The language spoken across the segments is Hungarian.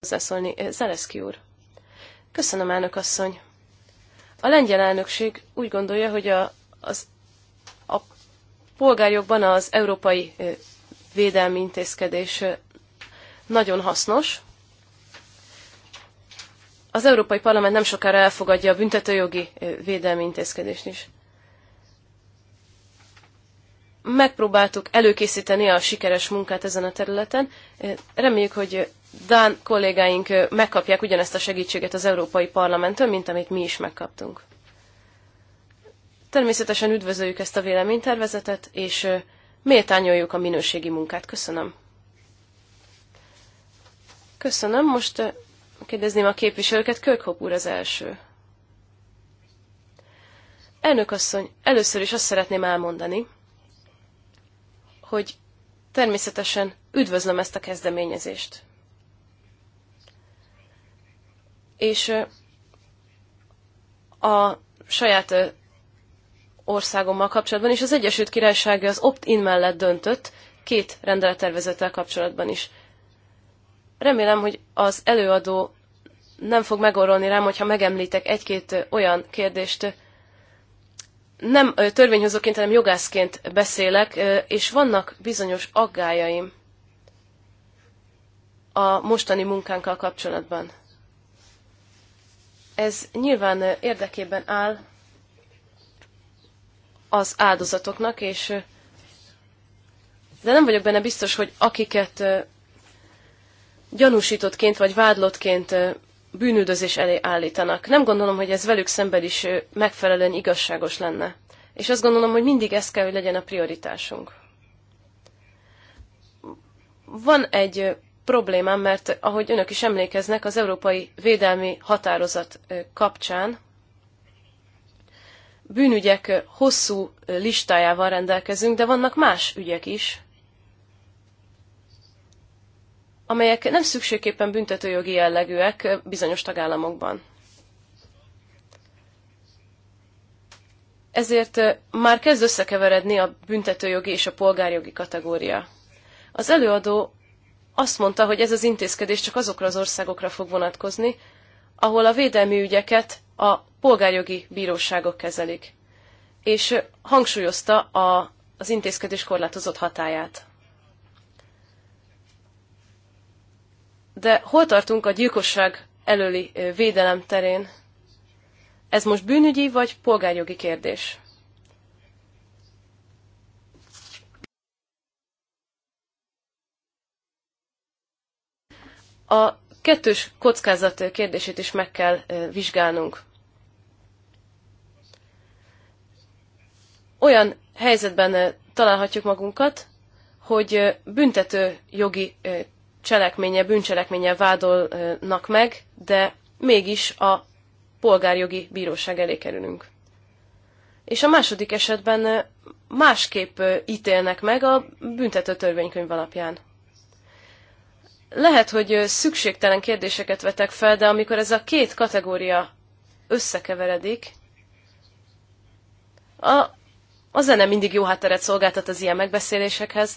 hozzászólni. Zeleszki úr. Köszönöm, elnök asszony. A lengyel elnökség úgy gondolja, hogy a, az, a polgárjogban az európai védelmi intézkedés nagyon hasznos. Az Európai Parlament nem sokára elfogadja a büntetőjogi védelmi intézkedést is. Megpróbáltuk előkészíteni a sikeres munkát ezen a területen. Reméljük, hogy Dán kollégáink megkapják ugyanezt a segítséget az Európai Parlamenttől, mint amit mi is megkaptunk. Természetesen üdvözöljük ezt a véleménytervezetet, és méltányoljuk a minőségi munkát. Köszönöm. Köszönöm. Most kérdezném a képviselőket. Kölkhop úr az első. Elnök asszony, először is azt szeretném elmondani, hogy természetesen üdvözlöm ezt a kezdeményezést. és a saját országommal kapcsolatban, és az Egyesült Királyság az opt-in mellett döntött két rendelettervezettel kapcsolatban is. Remélem, hogy az előadó nem fog megorolni rám, hogyha megemlítek egy-két olyan kérdést, nem törvényhozóként, hanem jogászként beszélek, és vannak bizonyos aggájaim a mostani munkánkkal kapcsolatban. Ez nyilván érdekében áll az áldozatoknak, és de nem vagyok benne biztos, hogy akiket gyanúsítottként vagy vádlottként bűnüldözés elé állítanak. Nem gondolom, hogy ez velük szemben is megfelelően igazságos lenne. És azt gondolom, hogy mindig ez kell, hogy legyen a prioritásunk. Van egy problémám, mert ahogy önök is emlékeznek, az Európai Védelmi Határozat kapcsán bűnügyek hosszú listájával rendelkezünk, de vannak más ügyek is, amelyek nem szükségképpen büntetőjogi jellegűek bizonyos tagállamokban. Ezért már kezd összekeveredni a büntetőjogi és a polgárjogi kategória. Az előadó azt mondta, hogy ez az intézkedés csak azokra az országokra fog vonatkozni, ahol a védelmi ügyeket a polgárjogi bíróságok kezelik. És hangsúlyozta a, az intézkedés korlátozott hatáját. De hol tartunk a gyilkosság előli védelem terén? Ez most bűnügyi vagy polgárjogi kérdés? A kettős kockázat kérdését is meg kell vizsgálnunk. Olyan helyzetben találhatjuk magunkat, hogy büntető jogi cselekménye, bűncselekménye vádolnak meg, de mégis a polgárjogi bíróság elé kerülünk. És a második esetben másképp ítélnek meg a büntető törvénykönyv alapján. Lehet, hogy szükségtelen kérdéseket vetek fel, de amikor ez a két kategória összekeveredik, a, a zene mindig jó hátteret szolgáltat az ilyen megbeszélésekhez,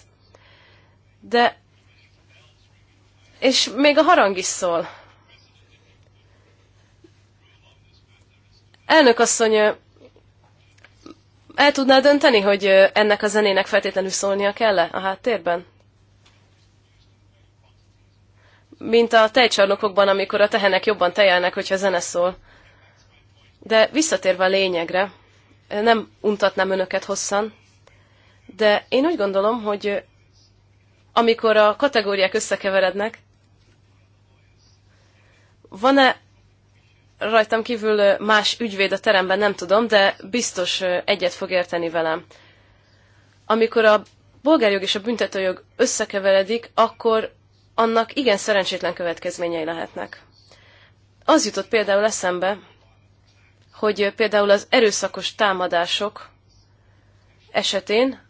de... És még a harang is szól. Elnök asszony, el tudná dönteni, hogy ennek a zenének feltétlenül szólnia kell -e a háttérben? mint a tejcsarnokokban, amikor a tehenek jobban tejelnek, hogyha zene szól. De visszatérve a lényegre, nem untatnám önöket hosszan, de én úgy gondolom, hogy amikor a kategóriák összekeverednek, van-e rajtam kívül más ügyvéd a teremben, nem tudom, de biztos egyet fog érteni velem. Amikor a bolgárjog és a büntetőjog összekeveredik, akkor annak igen szerencsétlen következményei lehetnek. Az jutott például eszembe, hogy például az erőszakos támadások esetén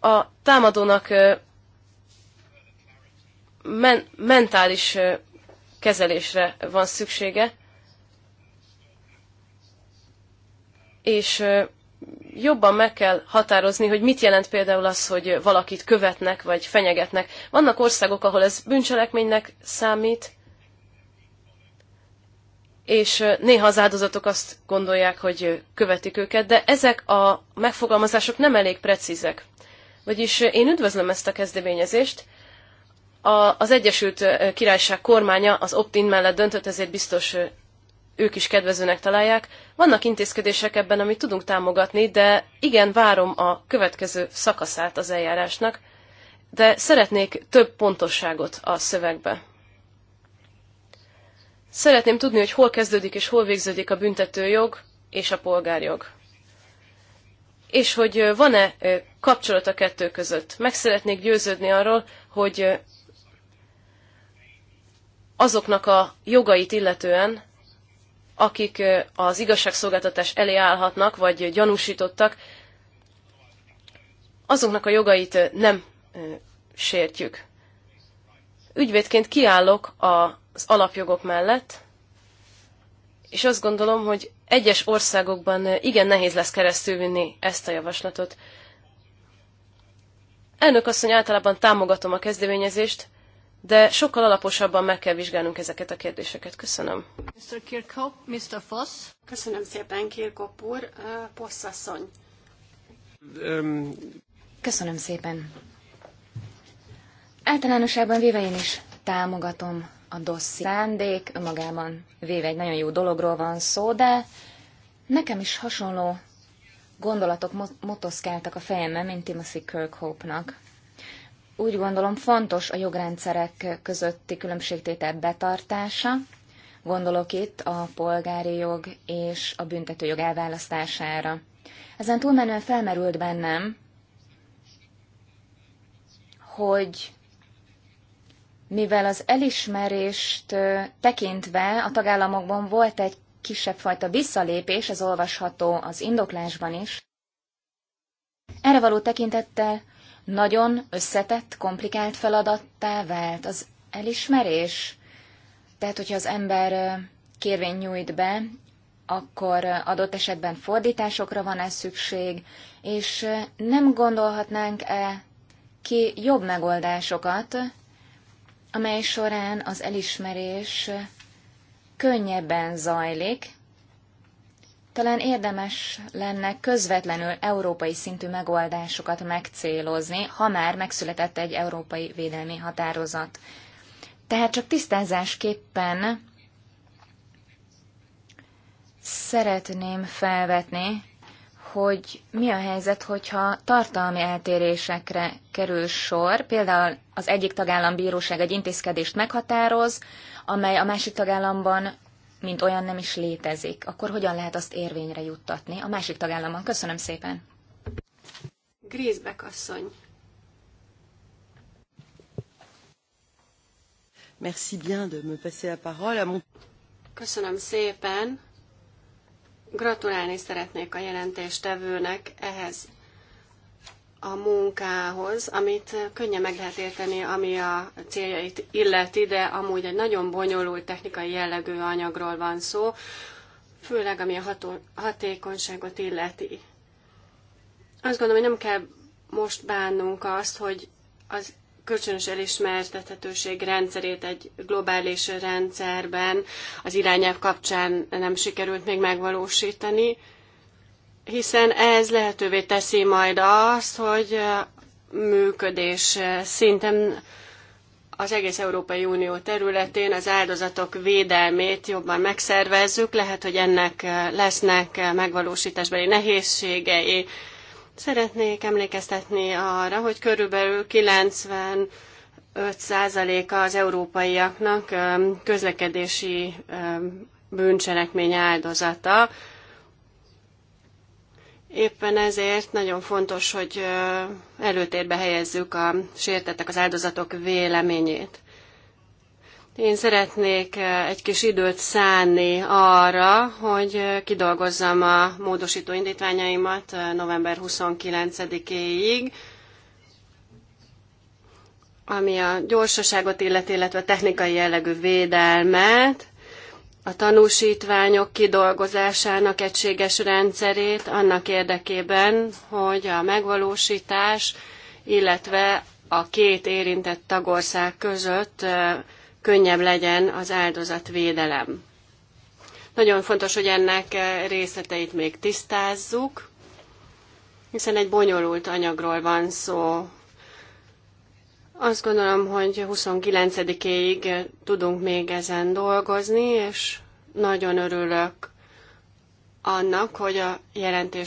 a támadónak men- mentális kezelésre van szüksége, és jobban meg kell határozni, hogy mit jelent például az, hogy valakit követnek vagy fenyegetnek. Vannak országok, ahol ez bűncselekménynek számít, és néha az áldozatok azt gondolják, hogy követik őket, de ezek a megfogalmazások nem elég precízek. Vagyis én üdvözlöm ezt a kezdeményezést. A, az Egyesült Királyság kormánya az opt-in mellett döntött, ezért biztos ők is kedvezőnek találják. Vannak intézkedések ebben, amit tudunk támogatni, de igen, várom a következő szakaszát az eljárásnak, de szeretnék több pontosságot a szövegbe. Szeretném tudni, hogy hol kezdődik és hol végződik a büntetőjog és a polgárjog. És hogy van-e kapcsolat a kettő között. Meg szeretnék győződni arról, hogy azoknak a jogait illetően, akik az igazságszolgáltatás elé állhatnak, vagy gyanúsítottak, azoknak a jogait nem sértjük. Ügyvédként kiállok az alapjogok mellett, és azt gondolom, hogy egyes országokban igen nehéz lesz keresztülvinni ezt a javaslatot. Elnök asszony, általában támogatom a kezdeményezést, de sokkal alaposabban meg kell vizsgálnunk ezeket a kérdéseket. Köszönöm. Mr. Kirkhope, Mr. Foss. Köszönöm szépen, Kirkhope úr. Posszasszony. Köszönöm szépen. Általánosában véve én is támogatom a DOSZ szándék, önmagában véve egy nagyon jó dologról van szó, de nekem is hasonló gondolatok motoszkáltak a fejemben, mint Timothy Kirkhope-nak úgy gondolom fontos a jogrendszerek közötti különbségtétel betartása. Gondolok itt a polgári jog és a büntetőjog elválasztására. Ezen túlmenően felmerült bennem, hogy mivel az elismerést tekintve a tagállamokban volt egy kisebb fajta visszalépés, ez olvasható az indoklásban is, erre való tekintettel nagyon összetett, komplikált feladattá vált az elismerés. Tehát, hogyha az ember kérvény nyújt be, akkor adott esetben fordításokra van ez szükség, és nem gondolhatnánk-e ki jobb megoldásokat, amely során az elismerés könnyebben zajlik, talán érdemes lenne közvetlenül európai szintű megoldásokat megcélozni, ha már megszületett egy európai védelmi határozat. Tehát csak tisztázásképpen szeretném felvetni, hogy mi a helyzet, hogyha tartalmi eltérésekre kerül sor, például az egyik tagállam bíróság egy intézkedést meghatároz, amely a másik tagállamban mint olyan nem is létezik, akkor hogyan lehet azt érvényre juttatni a másik tagállamban? Köszönöm szépen! Grízbek asszony. Merci bien de me passer la parole à mon... Köszönöm szépen! Gratulálni szeretnék a jelentéstevőnek ehhez a munkához, amit könnyen meg lehet érteni, ami a céljait illeti, de amúgy egy nagyon bonyolult technikai jellegű anyagról van szó, főleg ami a ható, hatékonyságot illeti. Azt gondolom, hogy nem kell most bánnunk azt, hogy az kölcsönös elismertethetőség rendszerét egy globális rendszerben az irányelv kapcsán nem sikerült még megvalósítani hiszen ez lehetővé teszi majd azt, hogy eh, működés eh, szinten az egész Európai Unió területén az áldozatok védelmét jobban megszervezzük. Lehet, hogy ennek eh, lesznek megvalósításbeli nehézségei. Szeretnék emlékeztetni arra, hogy körülbelül 90 5%-a az európaiaknak közlekedési bűncselekmény áldozata. Éppen ezért nagyon fontos, hogy előtérbe helyezzük a sértettek, az áldozatok véleményét. Én szeretnék egy kis időt szánni arra, hogy kidolgozzam a módosító indítványaimat november 29-éig, ami a gyorsaságot illeti, illetve a technikai jellegű védelmet, a tanúsítványok kidolgozásának egységes rendszerét annak érdekében, hogy a megvalósítás, illetve a két érintett tagország között könnyebb legyen az áldozatvédelem. Nagyon fontos, hogy ennek részleteit még tisztázzuk, hiszen egy bonyolult anyagról van szó. Azt gondolom, hogy 29-éig tudunk még ezen dolgozni, és nagyon örülök annak, hogy a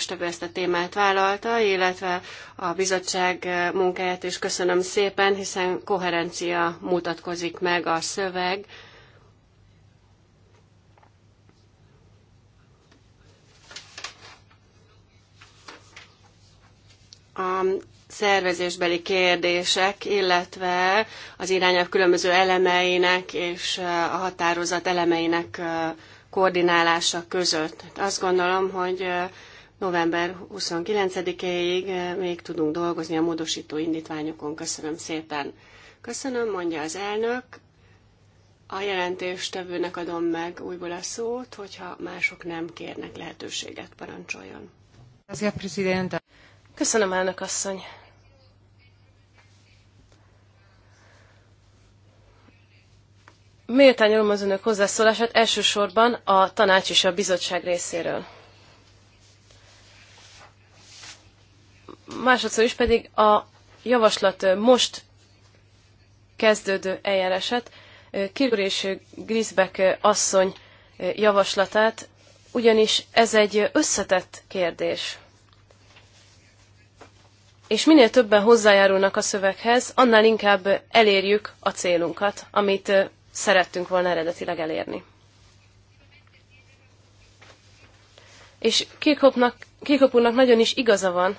több ezt a témát vállalta, illetve a bizottság munkáját is köszönöm szépen, hiszen koherencia mutatkozik meg a szöveg. A szervezésbeli kérdések, illetve az irányelv különböző elemeinek és a határozat elemeinek koordinálása között. Azt gondolom, hogy november 29-éig még tudunk dolgozni a módosító indítványokon. Köszönöm szépen. Köszönöm, mondja az elnök. A jelentéstevőnek adom meg újból a szót, hogyha mások nem kérnek lehetőséget, parancsoljon. Köszönöm, elnök asszony. Méltányolom az önök hozzászólását elsősorban a tanács és a bizottság részéről. Másodszor is pedig a javaslat most kezdődő eljárását, Kirur és Grisbeck asszony javaslatát, ugyanis ez egy összetett kérdés. És minél többen hozzájárulnak a szöveghez, annál inkább elérjük a célunkat, amit szerettünk volna eredetileg elérni. És Kirkhopnak, Kirkhop úrnak nagyon is igaza van,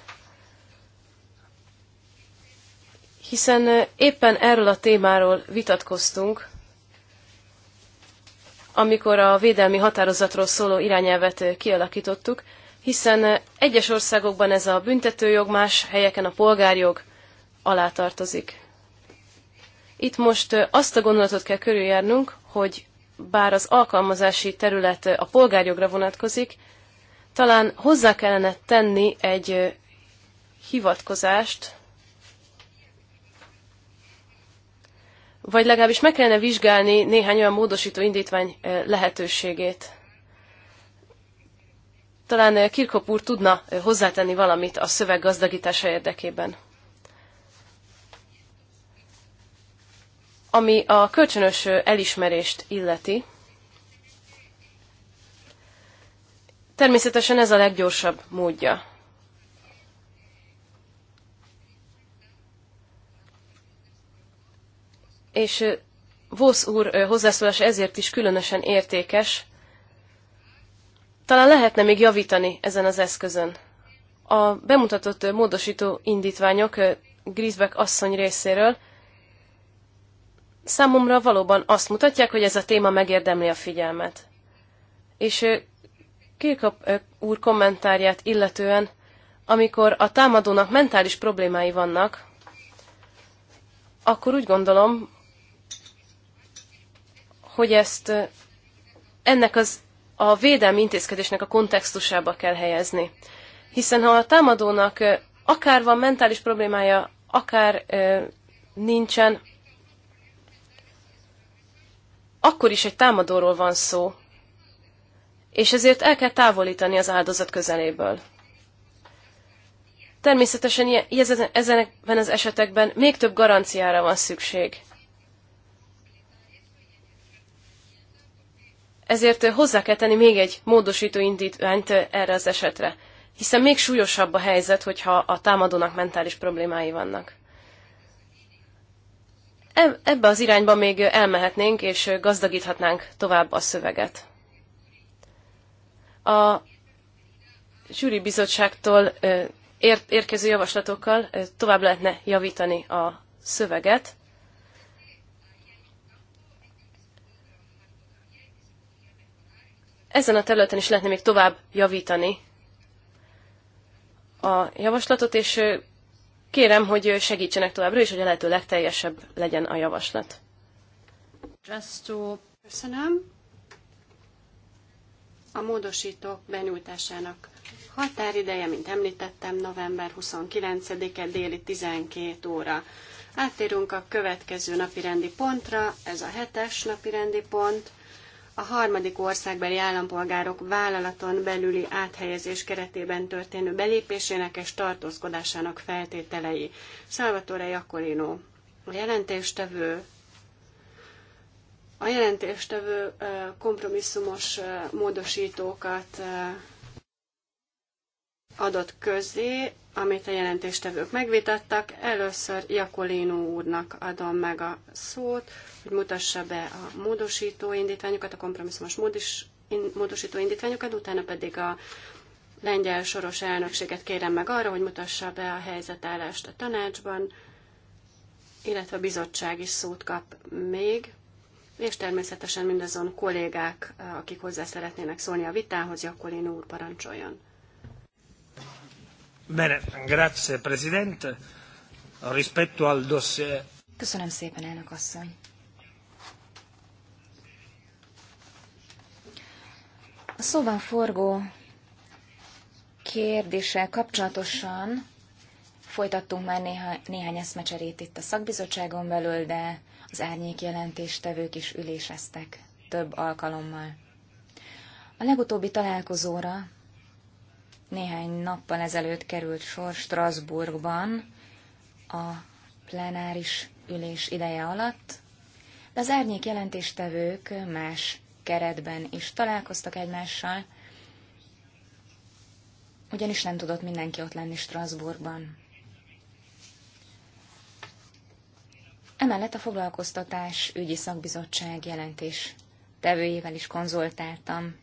hiszen éppen erről a témáról vitatkoztunk, amikor a védelmi határozatról szóló irányelvet kialakítottuk, hiszen egyes országokban ez a büntetőjog, más helyeken a polgárjog alá tartozik. Itt most azt a gondolatot kell körüljárnunk, hogy bár az alkalmazási terület a polgárjogra vonatkozik, talán hozzá kellene tenni egy hivatkozást, vagy legalábbis meg kellene vizsgálni néhány olyan módosító indítvány lehetőségét. Talán Kirkop úr tudna hozzátenni valamit a szöveg gazdagítása érdekében. Ami a kölcsönös elismerést illeti, természetesen ez a leggyorsabb módja. És Vosz úr hozzászólása ezért is különösen értékes. Talán lehetne még javítani ezen az eszközön. A bemutatott módosító indítványok Grisbeck asszony részéről – számomra valóban azt mutatják, hogy ez a téma megérdemli a figyelmet. És Kirkap úr kommentárját illetően, amikor a támadónak mentális problémái vannak, akkor úgy gondolom, hogy ezt ennek az a védelmi intézkedésnek a kontextusába kell helyezni. Hiszen ha a támadónak akár van mentális problémája, akár nincsen, akkor is egy támadóról van szó, és ezért el kell távolítani az áldozat közeléből. Természetesen ezenekben az esetekben még több garanciára van szükség. Ezért hozzá kell tenni még egy módosító indítványt erre az esetre, hiszen még súlyosabb a helyzet, hogyha a támadónak mentális problémái vannak. Ebbe az irányba még elmehetnénk, és gazdagíthatnánk tovább a szöveget. A zsűri bizottságtól érkező javaslatokkal tovább lehetne javítani a szöveget. Ezen a területen is lehetne még tovább javítani a javaslatot, és Kérem, hogy segítsenek továbbra is, hogy a lehető legteljesebb legyen a javaslat. Just to... Köszönöm. A módosítók benyújtásának határideje, mint említettem, november 29-e déli 12 óra. Áttérünk a következő napirendi pontra, ez a hetes napirendi pont a harmadik országbeli állampolgárok vállalaton belüli áthelyezés keretében történő belépésének és tartózkodásának feltételei. Salvatore Jacolino, a jelentéstevő, a jelentéstevő kompromisszumos módosítókat adott közzé, amit a jelentéstevők megvitattak. Először Jakolino úrnak adom meg a szót, hogy mutassa be a módosító indítványokat, a kompromisszumos módis, in, módosító indítványokat, utána pedig a lengyel soros elnökséget kérem meg arra, hogy mutassa be a helyzetállást a tanácsban, illetve a bizottság is szót kap még, és természetesen mindazon kollégák, akik hozzá szeretnének szólni a vitához, Jakolino úr parancsoljon. Köszönöm szépen, elnök asszony. A szóban forgó kérdéssel kapcsolatosan folytattunk már néha, néhány eszmecserét itt a szakbizottságon belül, de az árnyék jelentéstevők is üléseztek több alkalommal. A legutóbbi találkozóra néhány nappal ezelőtt került sor Strasbourgban a plenáris ülés ideje alatt, de az árnyék jelentéstevők más keretben is találkoztak egymással, ugyanis nem tudott mindenki ott lenni Strasbourgban. Emellett a foglalkoztatás ügyi szakbizottság jelentés tevőjével is konzultáltam.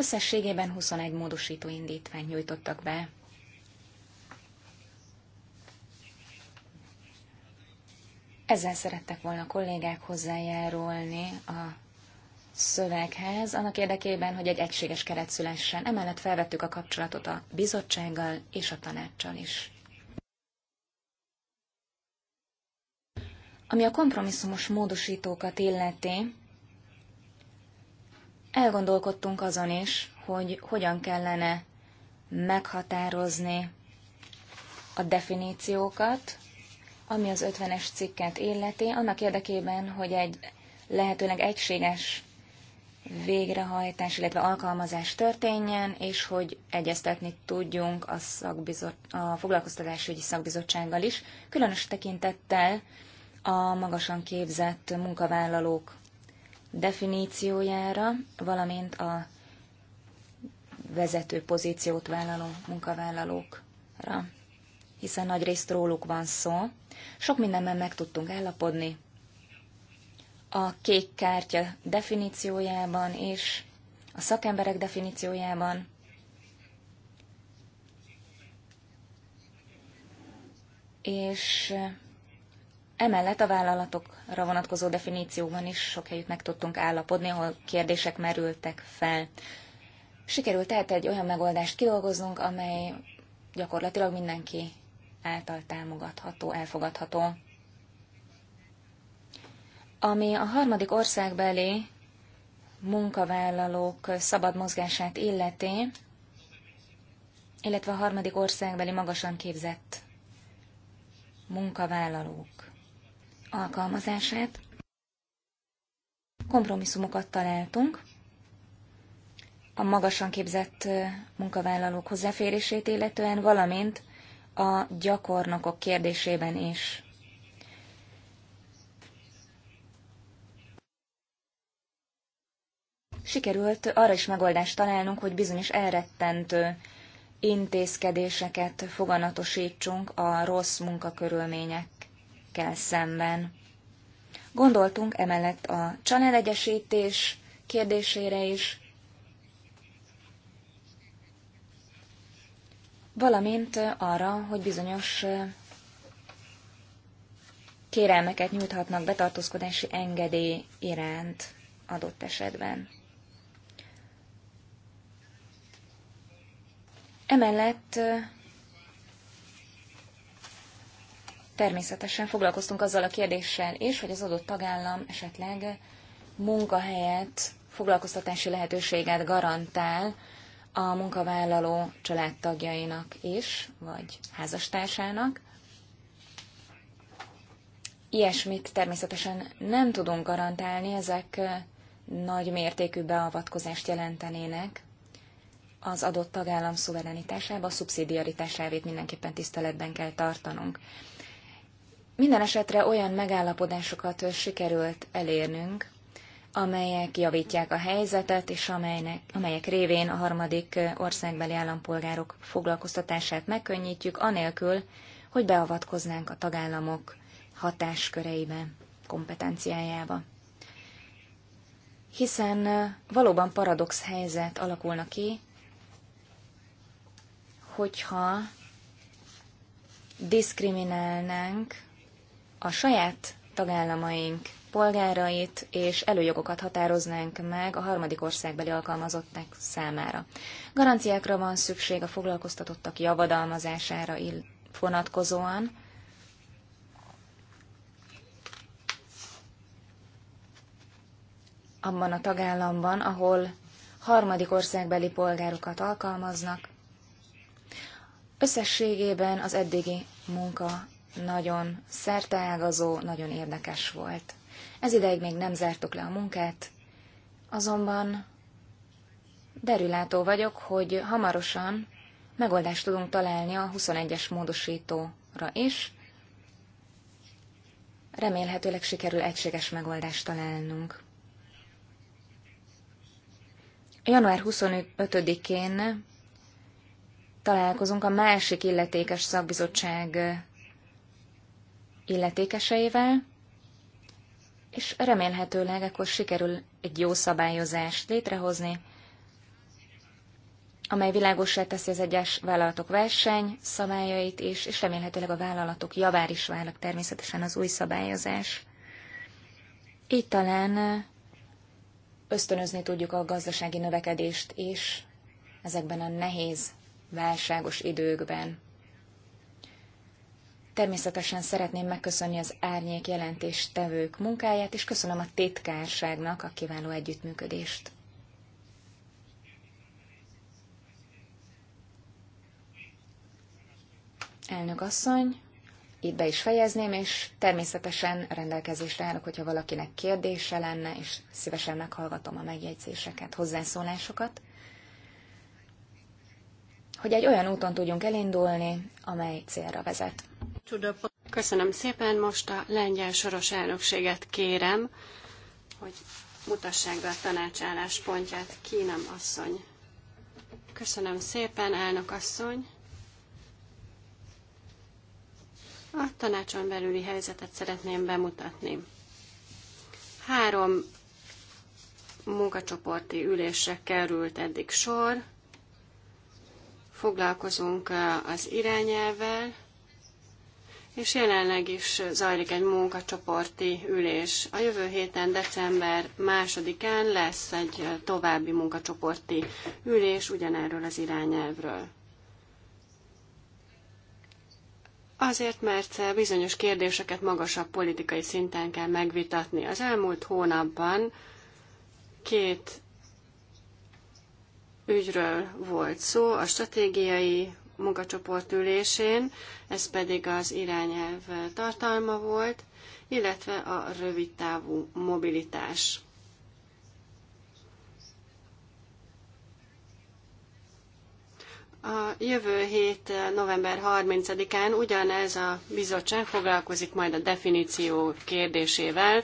Összességében 21 módosító indítvány nyújtottak be. Ezzel szerettek volna a kollégák hozzájárulni a szöveghez, annak érdekében, hogy egy egységes keret szülessen. Emellett felvettük a kapcsolatot a bizottsággal és a tanácssal is. Ami a kompromisszumos módosítókat illeti, Elgondolkodtunk azon is, hogy hogyan kellene meghatározni a definíciókat, ami az 50-es cikket illeti, annak érdekében, hogy egy lehetőleg egységes végrehajtás, illetve alkalmazás történjen, és hogy egyeztetni tudjunk a, a foglalkoztatásügyi szakbizottsággal is, különös tekintettel a magasan képzett munkavállalók definíciójára, valamint a vezető pozíciót vállaló munkavállalókra, hiszen nagy részt róluk van szó. Sok mindenben meg tudtunk állapodni. A kék kártya definíciójában és a szakemberek definíciójában, és Emellett a vállalatokra vonatkozó definícióban is sok helyütt meg tudtunk állapodni, ahol kérdések merültek fel. Sikerült tehát egy olyan megoldást kidolgoznunk, amely gyakorlatilag mindenki által támogatható, elfogadható. Ami a harmadik országbeli munkavállalók szabad mozgását illeti, illetve a harmadik országbeli magasan képzett munkavállalók alkalmazását. Kompromisszumokat találtunk, a magasan képzett munkavállalók hozzáférését illetően, valamint a gyakornokok kérdésében is. Sikerült arra is megoldást találnunk, hogy bizonyos elrettentő intézkedéseket foganatosítsunk a rossz munkakörülmények termékekkel szemben. Gondoltunk emellett a csanelegyesítés kérdésére is, valamint arra, hogy bizonyos kérelmeket nyújthatnak betartózkodási engedély iránt adott esetben. Emellett Természetesen foglalkoztunk azzal a kérdéssel is, hogy az adott tagállam esetleg munkahelyet, foglalkoztatási lehetőséget garantál a munkavállaló családtagjainak is, vagy házastársának. Ilyesmit természetesen nem tudunk garantálni, ezek nagy mértékű beavatkozást jelentenének az adott tagállam szuverenitásába, a szubszidiaritás elvét mindenképpen tiszteletben kell tartanunk. Minden esetre olyan megállapodásokat sikerült elérnünk, amelyek javítják a helyzetet, és amelynek, amelyek révén a harmadik országbeli állampolgárok foglalkoztatását megkönnyítjük, anélkül, hogy beavatkoznánk a tagállamok hatásköreibe, kompetenciájába. Hiszen valóban paradox helyzet alakulna ki, hogyha diszkriminálnánk a saját tagállamaink polgárait és előjogokat határoznánk meg a harmadik országbeli alkalmazottak számára. Garanciákra van szükség a foglalkoztatottak javadalmazására vonatkozóan, abban a tagállamban, ahol harmadik országbeli polgárokat alkalmaznak. Összességében az eddigi munka nagyon szerteágazó, nagyon érdekes volt. Ez ideig még nem zártuk le a munkát, azonban derülátó vagyok, hogy hamarosan megoldást tudunk találni a 21-es módosítóra is. Remélhetőleg sikerül egységes megoldást találnunk. Január 25-én találkozunk a másik illetékes szakbizottság illetékeseivel, és remélhetőleg akkor sikerül egy jó szabályozást létrehozni, amely világosá teszi az egyes vállalatok verseny szabályait is, és remélhetőleg a vállalatok javár is válnak természetesen az új szabályozás. Így talán ösztönözni tudjuk a gazdasági növekedést is ezekben a nehéz, válságos időkben. Természetesen szeretném megköszönni az árnyék jelentéstevők munkáját, és köszönöm a titkárságnak a kiváló együttműködést. Elnök asszony, itt be is fejezném, és természetesen rendelkezésre állok, hogyha valakinek kérdése lenne, és szívesen meghallgatom a megjegyzéseket, hozzászólásokat, hogy egy olyan úton tudjunk elindulni, amely célra vezet. Köszönöm szépen, most a lengyel soros elnökséget kérem, hogy mutassák be a tanács pontját, Kínem asszony. Köszönöm szépen, elnök asszony. A tanácson belüli helyzetet szeretném bemutatni. Három munkacsoporti ülésre került eddig sor. Foglalkozunk az irányelvel, és jelenleg is zajlik egy munkacsoporti ülés. A jövő héten, december másodikán lesz egy további munkacsoporti ülés ugyanerről az irányelvről. Azért, mert bizonyos kérdéseket magasabb politikai szinten kell megvitatni. Az elmúlt hónapban két ügyről volt szó, a stratégiai munkacsoport ülésén, ez pedig az irányelv tartalma volt, illetve a rövidtávú mobilitás. A jövő hét november 30-án ugyanez a bizottság foglalkozik majd a definíció kérdésével,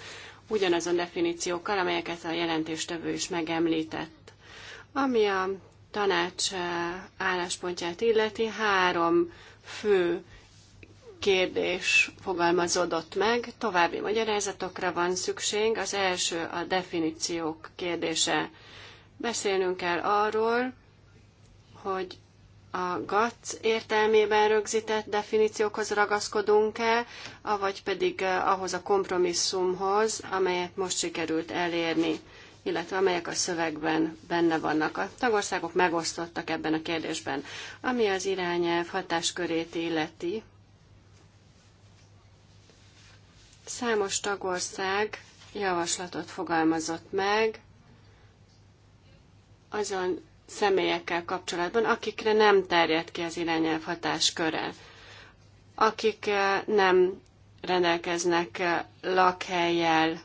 ugyanazon definíciókkal, amelyeket a jelentéstevő is megemlített. Ami a tanács eh, álláspontját illeti, három fő kérdés fogalmazódott meg, további magyarázatokra van szükség. Az első a definíciók kérdése. Beszélnünk kell arról, hogy a GAC értelmében rögzített definíciókhoz ragaszkodunk-e, avagy pedig eh, ahhoz a kompromisszumhoz, amelyet most sikerült elérni illetve amelyek a szövegben benne vannak. A tagországok megosztottak ebben a kérdésben. Ami az irányelv hatáskörét illeti, számos tagország javaslatot fogalmazott meg azon személyekkel kapcsolatban, akikre nem terjed ki az irányelv hatásköre, akik eh, nem rendelkeznek eh, lakhelyjel,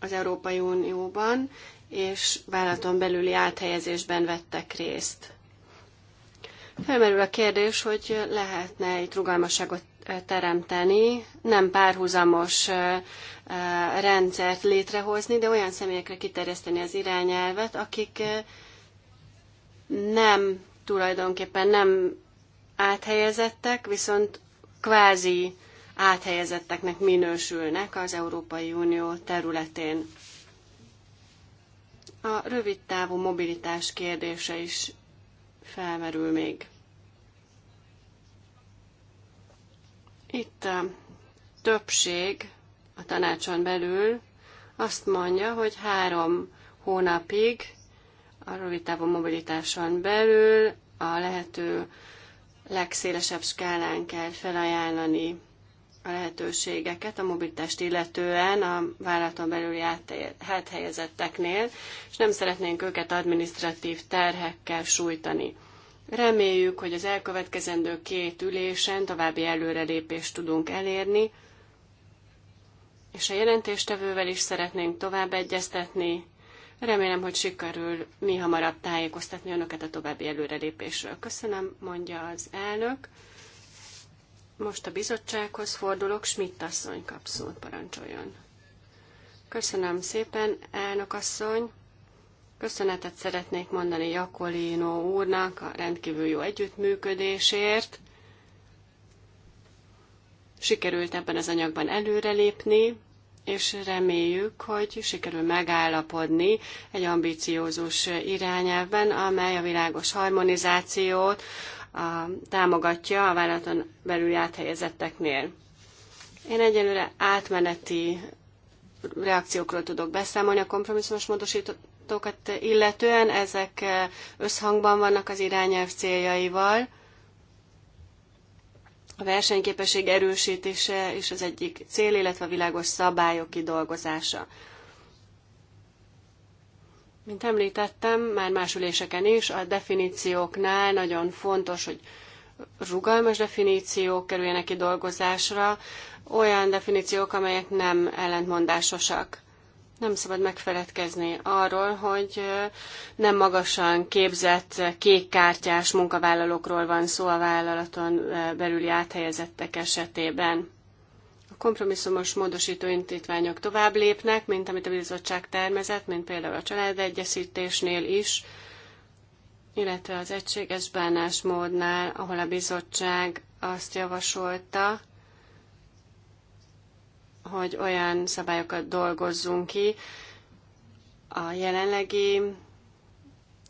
az Európai Unióban, és vállalaton belüli áthelyezésben vettek részt. Felmerül a kérdés, hogy lehetne itt rugalmasságot teremteni, nem párhuzamos rendszert létrehozni, de olyan személyekre kiterjeszteni az irányelvet, akik nem tulajdonképpen nem áthelyezettek, viszont kvázi áthelyezetteknek minősülnek az Európai Unió területén. A rövid távú mobilitás kérdése is felmerül még. Itt a többség a tanácson belül azt mondja, hogy három hónapig a rövid távú mobilitáson belül a lehető legszélesebb skálán kell felajánlani a lehetőségeket a mobilitást illetően a vállalaton belüli áthelyezetteknél, és nem szeretnénk őket administratív terhekkel sújtani. Reméljük, hogy az elkövetkezendő két ülésen további előrelépést tudunk elérni, és a jelentéstevővel is szeretnénk tovább egyeztetni. Remélem, hogy sikerül mi hamarabb tájékoztatni önöket a további előrelépésről. Köszönöm, mondja az elnök. Most a bizottsághoz fordulok, Schmidt asszony kap szót, parancsoljon. Köszönöm szépen, elnök asszony. Köszönetet szeretnék mondani Jakolino úrnak a rendkívül jó együttműködésért. Sikerült ebben az anyagban előrelépni, és reméljük, hogy sikerül megállapodni egy ambiciózus irányelvben, amely a világos harmonizációt, a, támogatja a vállalaton belül áthelyezetteknél. Én egyelőre átmeneti reakciókról tudok beszámolni a kompromisszumos módosítókat illetően. Ezek eh, összhangban vannak az irányelv céljaival. A versenyképesség erősítése is az egyik cél, illetve a világos szabályok kidolgozása. Mint említettem, már más üléseken is a definícióknál nagyon fontos, hogy rugalmas definíciók kerüljenek ki dolgozásra, olyan definíciók, amelyek nem ellentmondásosak. Nem szabad megfeledkezni arról, hogy nem magasan képzett kékkártyás munkavállalókról van szó a vállalaton belüli áthelyezettek esetében kompromisszumos módosító intítványok tovább lépnek, mint amit a bizottság termezett, mint például a családegyesítésnél is, illetve az egységes bánásmódnál, ahol a bizottság azt javasolta, hogy olyan szabályokat dolgozzunk ki a jelenlegi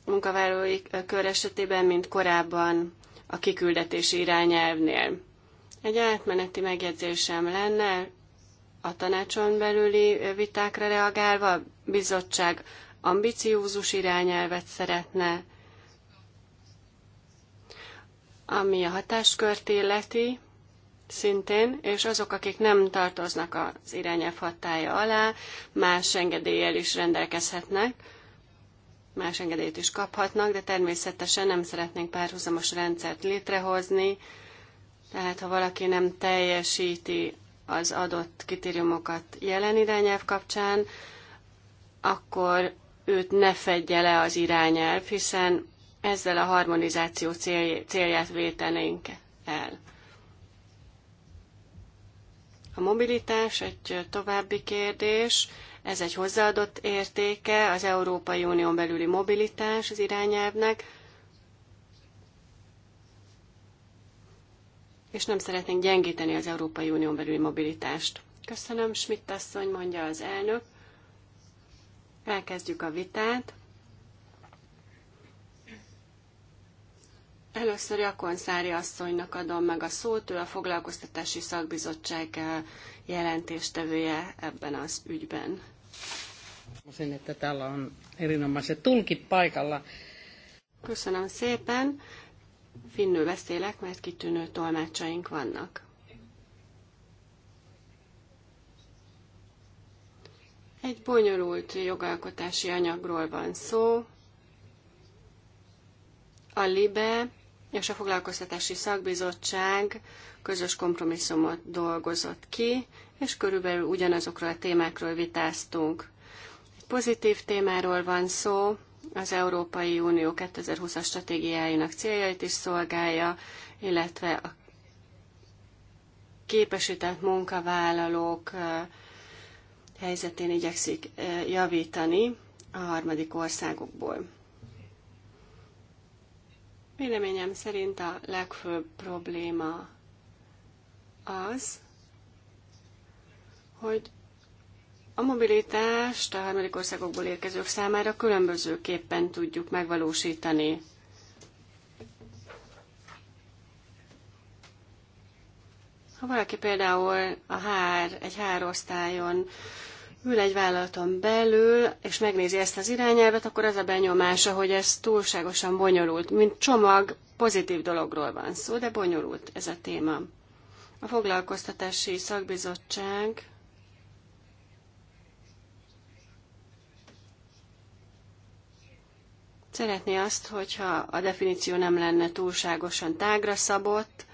munkavállalói kör esetében, mint korábban a kiküldetési irányelvnél. Egy átmeneti megjegyzésem lenne a tanácson belüli vitákra reagálva, a bizottság ambiciózus irányelvet szeretne, ami a hatáskört illeti, szintén, és azok, akik nem tartoznak az irányelv hatája alá, más engedéllyel is rendelkezhetnek, más engedélyt is kaphatnak, de természetesen nem szeretnénk párhuzamos rendszert létrehozni, tehát, ha valaki nem teljesíti az adott kritériumokat jelen irányelv kapcsán, akkor őt ne fedje le az irányelv, hiszen ezzel a harmonizáció célját vétenénk el. A mobilitás egy további kérdés. Ez egy hozzáadott értéke az Európai Unión belüli mobilitás az irányelvnek. és nem szeretnénk gyengíteni az Európai Unión belüli mobilitást. Köszönöm, Schmidt asszony, mondja az elnök. Elkezdjük a vitát. Először Szári asszonynak adom meg a szót, ő a Foglalkoztatási Szakbizottság eh, jelentéstevője ebben az ügyben. Sen, että täällä on erinomaiset tulkit paikalla. Köszönöm szépen. Finnül beszélek, mert kitűnő tolmácsaink vannak. Egy bonyolult jogalkotási anyagról van szó. A LIBE és a Foglalkoztatási Szakbizottság közös kompromisszumot dolgozott ki, és körülbelül ugyanazokról a témákról vitáztunk. Egy pozitív témáról van szó, az Európai Unió 2020-as stratégiájának céljait is szolgálja, illetve a képesített munkavállalók helyzetén igyekszik javítani a harmadik országokból. Véleményem szerint a legfőbb probléma az, hogy a mobilitást a harmadik országokból érkezők számára különbözőképpen tudjuk megvalósítani. Ha valaki például a hár, egy osztályon ül egy vállalaton belül, és megnézi ezt az irányelvet, akkor az a benyomása, hogy ez túlságosan bonyolult. Mint csomag, pozitív dologról van szó, de bonyolult ez a téma. A foglalkoztatási szakbizottság Szeretné azt, hogyha a definíció nem lenne túlságosan tágra szabott,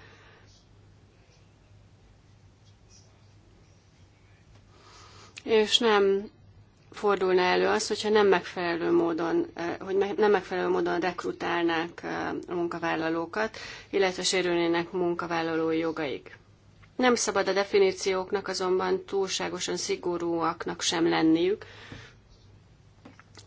és nem fordulna elő az, hogyha nem megfelelő módon, eh, hogy nem megfelelő módon rekrutálnák eh, a munkavállalókat, illetve sérülnének munkavállalói jogaik. Nem szabad a definícióknak azonban túlságosan szigorúaknak sem lenniük,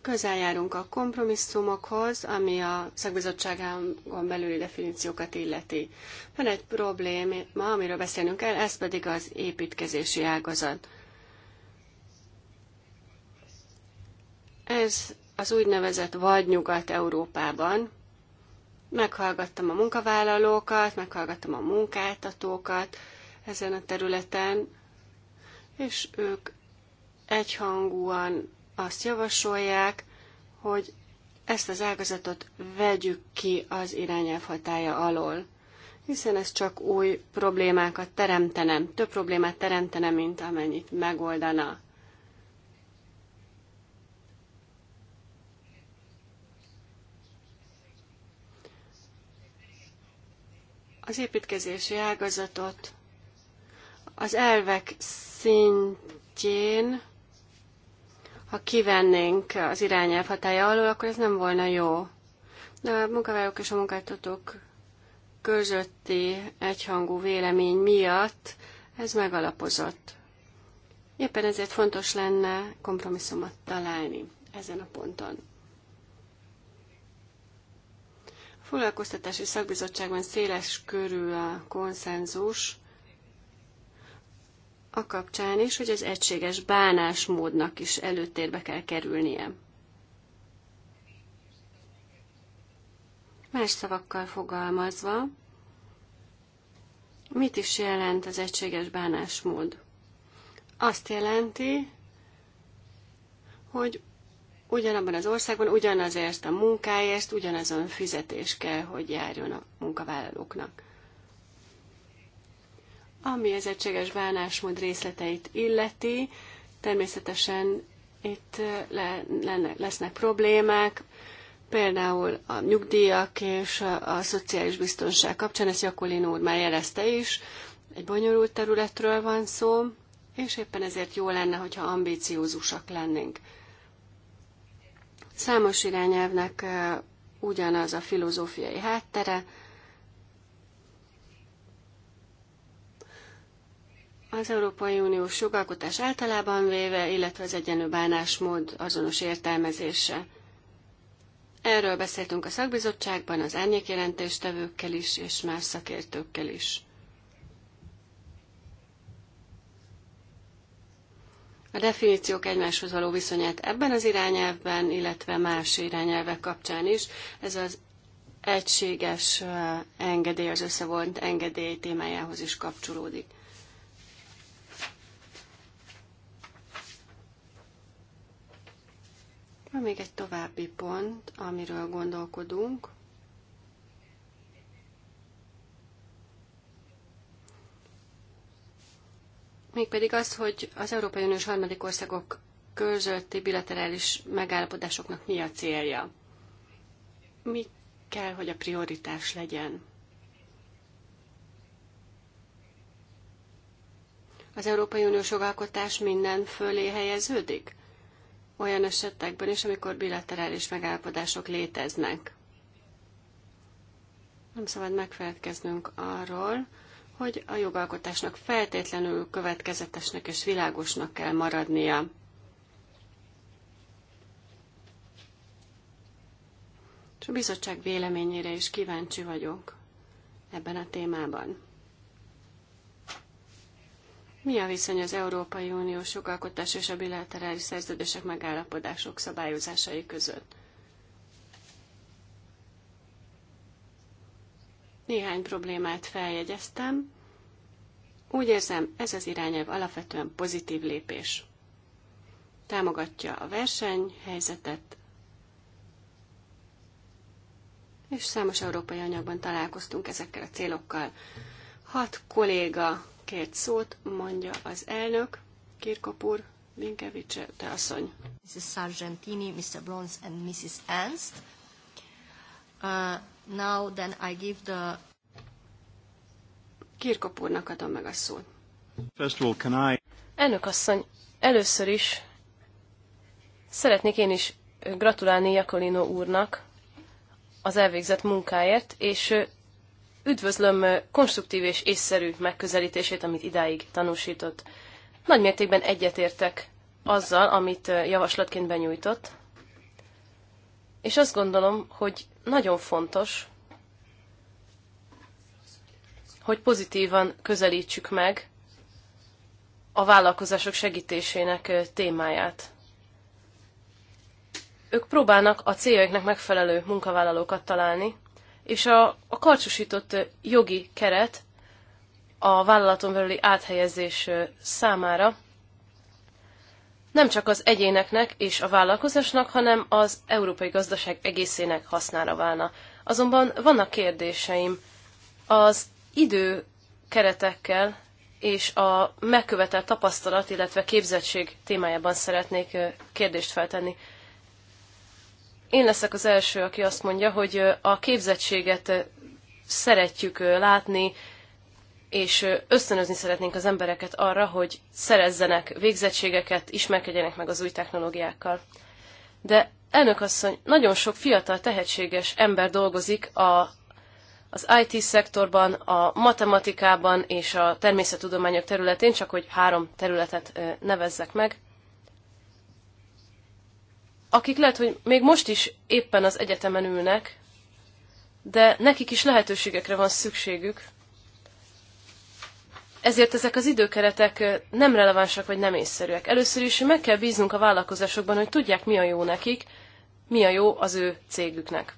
közel járunk a kompromisszumokhoz, ami a szakbizottságon belüli definíciókat illeti. Van egy probléma, amiről beszélnünk kell, ez pedig az építkezési ágazat. Ez az úgynevezett vadnyugat Európában. Meghallgattam a munkavállalókat, meghallgattam a munkáltatókat ezen a területen, és ők egyhangúan azt javasolják, hogy ezt az ágazatot vegyük ki az irányelv hatája alól, hiszen ez csak új problémákat teremtene, több problémát teremtene, mint amennyit megoldana. Az építkezési ágazatot az elvek szintjén ha kivennénk az irányelv hatája alól, akkor ez nem volna jó. De a munkavállalók és a munkáltatók közötti egyhangú vélemény miatt ez megalapozott. Éppen ezért fontos lenne kompromisszumot találni ezen a ponton. A foglalkoztatási szakbizottságban széles körül a konszenzus, a kapcsán is, hogy az egységes bánásmódnak is előtérbe kell kerülnie. Más szavakkal fogalmazva, mit is jelent az egységes bánásmód? Azt jelenti, hogy ugyanabban az országban ugyanazért a munkáért, ugyanazon fizetés kell, hogy járjon a munkavállalóknak. Ami az egységes bánásmód részleteit illeti, természetesen itt le, le, lesznek problémák, például a nyugdíjak és a, a szociális biztonság kapcsán, ezt Jakolin úr már jelezte is, egy bonyolult területről van szó, és éppen ezért jó lenne, hogyha ambíciózusak lennénk. Számos irányelvnek ugyanaz a filozófiai háttere, Az Európai Uniós jogalkotás általában véve, illetve az egyenlő bánásmód azonos értelmezése. Erről beszéltünk a szakbizottságban, az árnyékjelentéstevőkkel is, és más szakértőkkel is. A definíciók egymáshoz való viszonyát ebben az irányelvben, illetve más irányelvek kapcsán is. Ez az egységes engedély, az összevont engedély témájához is kapcsolódik. Van még egy további pont, amiről gondolkodunk. Mégpedig az, hogy az Európai Uniós harmadik országok közötti bilaterális megállapodásoknak mi a célja. Mi kell, hogy a prioritás legyen? Az Európai Uniós jogalkotás minden fölé helyeződik? olyan esetekben is, amikor bilaterális megállapodások léteznek. Nem szabad megfeledkeznünk arról, hogy a jogalkotásnak feltétlenül következetesnek és világosnak kell maradnia. És a bizottság véleményére is kíváncsi vagyok ebben a témában. Mi a viszony az Európai Uniós jogalkotás és a bilaterális szerződések megállapodások szabályozásai között? Néhány problémát feljegyeztem. Úgy érzem, ez az irányelv alapvetően pozitív lépés. Támogatja a versenyhelyzetet, és számos európai anyagban találkoztunk ezekkel a célokkal. Hat kolléga kért szót, mondja az elnök, Kirkopur, Minkevics, te asszony. Mrs. Sargentini, Mr. Bronz and Mrs. Ernst. Uh, now then I give the... Kirkopurnak adom meg a szót. First of all, can I... Elnök asszony, először is szeretnék én is gratulálni Jakolino úrnak az elvégzett munkáért, és üdvözlöm eh, konstruktív és észszerű megközelítését, amit idáig tanúsított. Nagy mértékben egyetértek azzal, amit eh, javaslatként benyújtott, és azt gondolom, hogy nagyon fontos, hogy pozitívan közelítsük meg a vállalkozások segítésének eh, témáját. Ők próbálnak a céljaiknak megfelelő munkavállalókat találni, és a, a karcsúsított jogi keret a vállalaton belüli áthelyezés számára nem csak az egyéneknek és a vállalkozásnak, hanem az európai gazdaság egészének hasznára válna. Azonban vannak kérdéseim. Az idő keretekkel és a megkövetelt tapasztalat, illetve képzettség témájában szeretnék kérdést feltenni. Én leszek az első, aki azt mondja, hogy a képzettséget szeretjük látni, és ösztönözni szeretnénk az embereket arra, hogy szerezzenek végzettségeket, ismerkedjenek meg az új technológiákkal. De elnök asszony, nagyon sok fiatal, tehetséges ember dolgozik a, az IT szektorban, a matematikában és a természettudományok területén, csak hogy három területet nevezzek meg akik lehet, hogy még most is éppen az egyetemen ülnek, de nekik is lehetőségekre van szükségük. Ezért ezek az időkeretek nem relevánsak vagy nem észszerűek. Először is meg kell bíznunk a vállalkozásokban, hogy tudják, mi a jó nekik, mi a jó az ő cégüknek.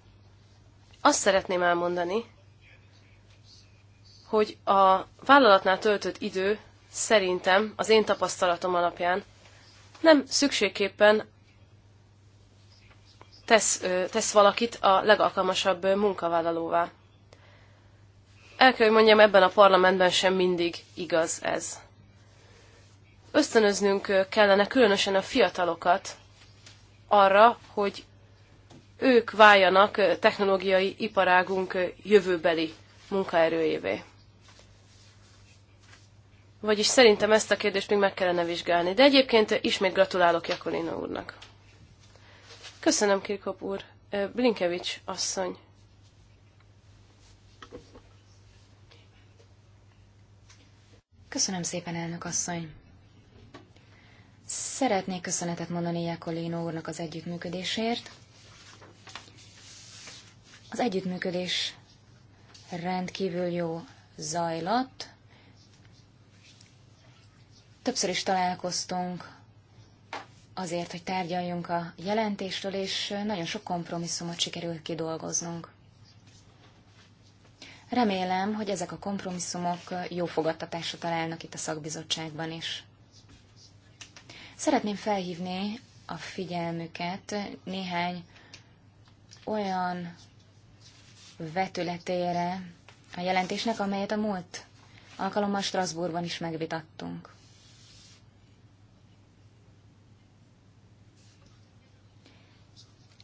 Azt szeretném elmondani, hogy a vállalatnál töltött idő szerintem az én tapasztalatom alapján nem szükségképpen tesz, tesz valakit a legalkalmasabb munkavállalóvá. El kell, hogy mondjam, ebben a parlamentben sem mindig igaz ez. Ösztönöznünk kellene különösen a fiatalokat arra, hogy ők váljanak technológiai iparágunk jövőbeli munkaerőjévé. Vagyis szerintem ezt a kérdést még meg kellene vizsgálni. De egyébként ismét gratulálok Jakolina úrnak. Köszönöm, Kirkop úr. Blinkevics asszony. Köszönöm szépen, elnök asszony. Szeretnék köszönetet mondani Jekolino úrnak az együttműködésért. Az együttműködés rendkívül jó zajlott. Többször is találkoztunk azért, hogy tárgyaljunk a jelentésről, és nagyon sok kompromisszumot sikerül kidolgoznunk. Remélem, hogy ezek a kompromisszumok jó fogadtatásra találnak itt a szakbizottságban is. Szeretném felhívni a figyelmüket néhány olyan vetületére a jelentésnek, amelyet a múlt alkalommal Strasbourgban is megvitattunk.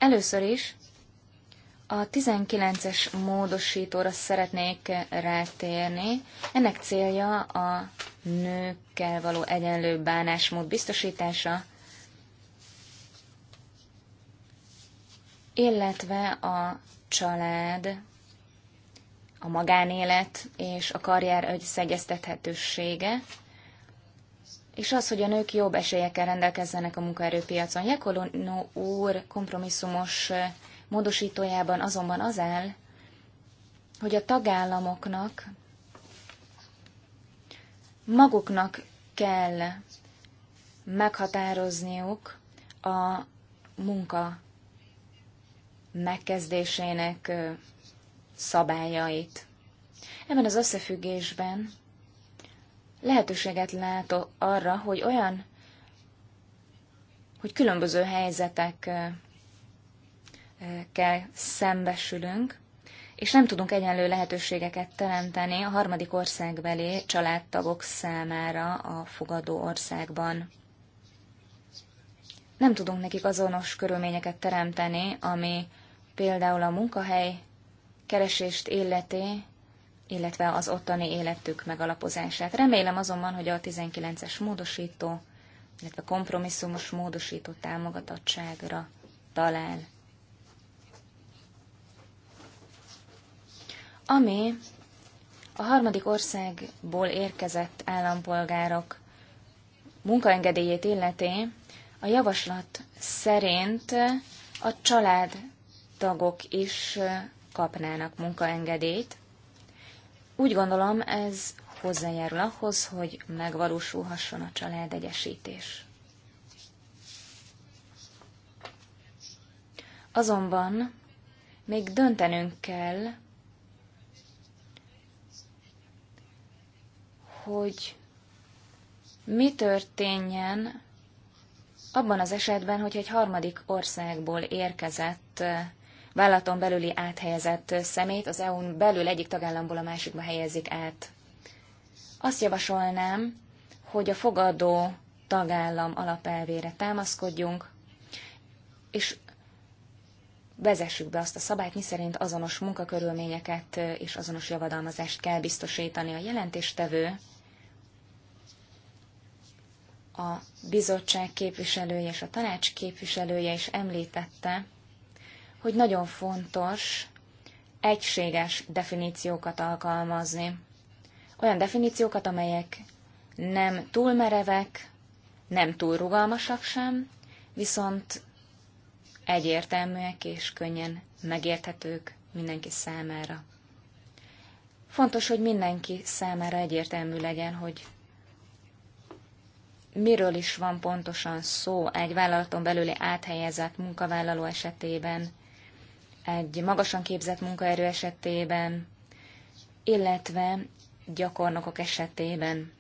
Először is a 19-es módosítóra szeretnék rátérni. Ennek célja a nőkkel való egyenlő bánásmód biztosítása, illetve a család, a magánélet és a karrier összeegyeztethetősége és az, hogy a nők jobb esélyekkel rendelkezzenek a munkaerőpiacon. Jekolonó úr kompromisszumos módosítójában azonban az áll, hogy a tagállamoknak maguknak kell meghatározniuk a munka megkezdésének szabályait. Ebben az összefüggésben lehetőséget lát arra, hogy olyan, hogy különböző helyzetekkel szembesülünk, és nem tudunk egyenlő lehetőségeket teremteni a harmadik országbeli családtagok számára a fogadó országban. Nem tudunk nekik azonos körülményeket teremteni, ami például a munkahely keresést illeti, illetve az ottani életük megalapozását. Remélem azonban, hogy a 19-es módosító, illetve kompromisszumos módosító támogatottságra talál. Ami a harmadik országból érkezett állampolgárok munkaengedélyét illeti, a javaslat szerint a családtagok is kapnának munkaengedélyt, úgy gondolom, ez hozzájárul ahhoz, hogy megvalósulhasson a családegyesítés. Azonban még döntenünk kell, hogy mi történjen abban az esetben, hogy egy harmadik országból érkezett vállalaton belüli áthelyezett szemét az EU-n belül egyik tagállamból a másikba helyezik át. Azt javasolnám, hogy a fogadó tagállam alapelvére támaszkodjunk, és vezessük be azt a szabályt, miszerint azonos munkakörülményeket és azonos javadalmazást kell biztosítani a jelentéstevő, a bizottság képviselője és a tanács képviselője is említette hogy nagyon fontos egységes definíciókat alkalmazni. Olyan definíciókat, amelyek nem túl merevek, nem túl rugalmasak sem, viszont egyértelműek és könnyen megérthetők mindenki számára. Fontos, hogy mindenki számára egyértelmű legyen, hogy miről is van pontosan szó egy vállalaton belüli áthelyezett munkavállaló esetében, egy magasan képzett munkaerő esetében, illetve gyakornokok esetében.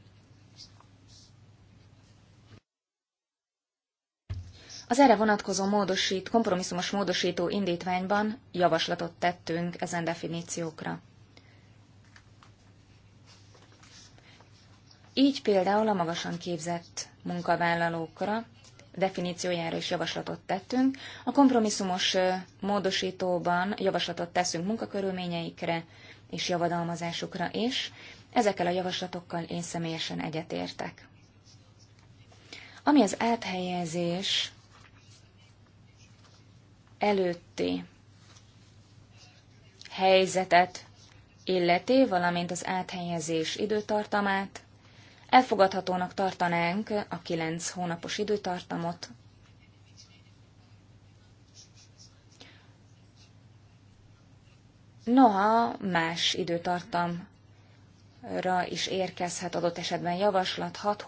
Az erre vonatkozó módosít, kompromisszumos módosító indítványban javaslatot tettünk ezen definíciókra. Így például a magasan képzett munkavállalókra, definíciójára is javaslatot tettünk. A kompromisszumos módosítóban javaslatot teszünk munkakörülményeikre és javadalmazásukra is. Ezekkel a javaslatokkal én személyesen egyetértek. Ami az áthelyezés előtti helyzetet illeti, valamint az áthelyezés időtartamát, Elfogadhatónak tartanánk a kilenc hónapos időtartamot. Noha más időtartamra is érkezhet adott esetben javaslat, hat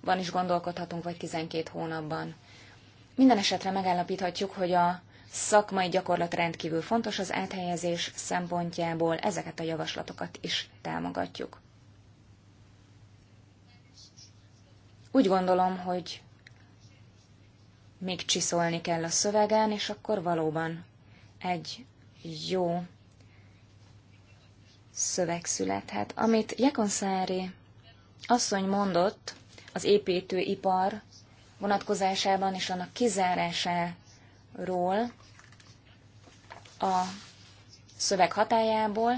van is gondolkodhatunk, vagy 12 hónapban. Minden esetre megállapíthatjuk, hogy a szakmai gyakorlat rendkívül fontos az áthelyezés szempontjából, ezeket a javaslatokat is támogatjuk. Úgy gondolom, hogy még csiszolni kell a szövegen, és akkor valóban egy jó szöveg születhet. Amit Jekonszári asszony mondott az építőipar vonatkozásában és annak kizárásáról a szöveg hatájából,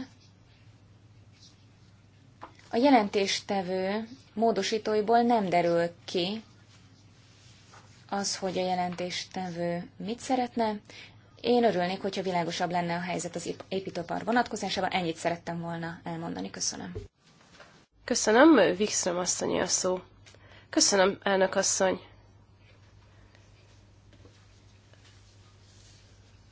a jelentéstevő módosítóiból nem derül ki az, hogy a jelentéstevő mit szeretne. Én örülnék, hogyha világosabb lenne a helyzet az építőpar vonatkozásában. Ennyit szerettem volna elmondani. Köszönöm. Köszönöm, Wikström asszony a szó. Köszönöm, elnök asszony.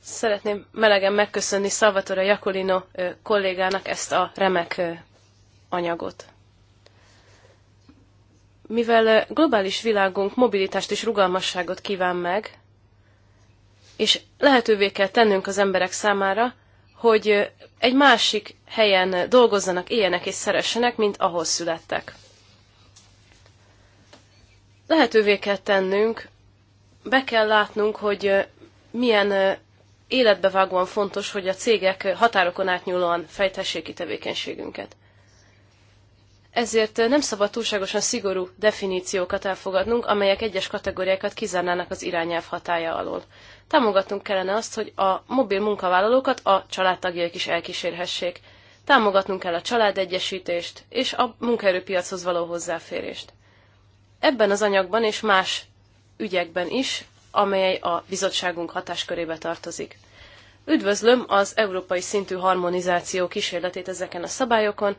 Szeretném melegen megköszönni Salvatore Jakolino kollégának ezt a remek anyagot. Mivel eh, globális világunk mobilitást és rugalmasságot kíván meg, és lehetővé kell tennünk az emberek számára, hogy eh, egy másik helyen eh, dolgozzanak, éljenek és szeressenek, mint ahol születtek. Lehetővé kell tennünk, be kell látnunk, hogy milyen életbevágóan fontos, hogy a cégek határokon átnyúlóan fejthessék ki tevékenységünket ezért eh, nem szabad túlságosan szigorú definíciókat elfogadnunk, amelyek egyes kategóriákat kizárnának az irányelv hatája alól. Támogatnunk kellene azt, hogy a mobil munkavállalókat a családtagjaik is elkísérhessék. Támogatnunk kell a családegyesítést és a munkaerőpiachoz való hozzáférést. Ebben az anyagban és más ügyekben is, amely a bizottságunk hatáskörébe tartozik. Üdvözlöm az európai szintű harmonizáció kísérletét ezeken a szabályokon,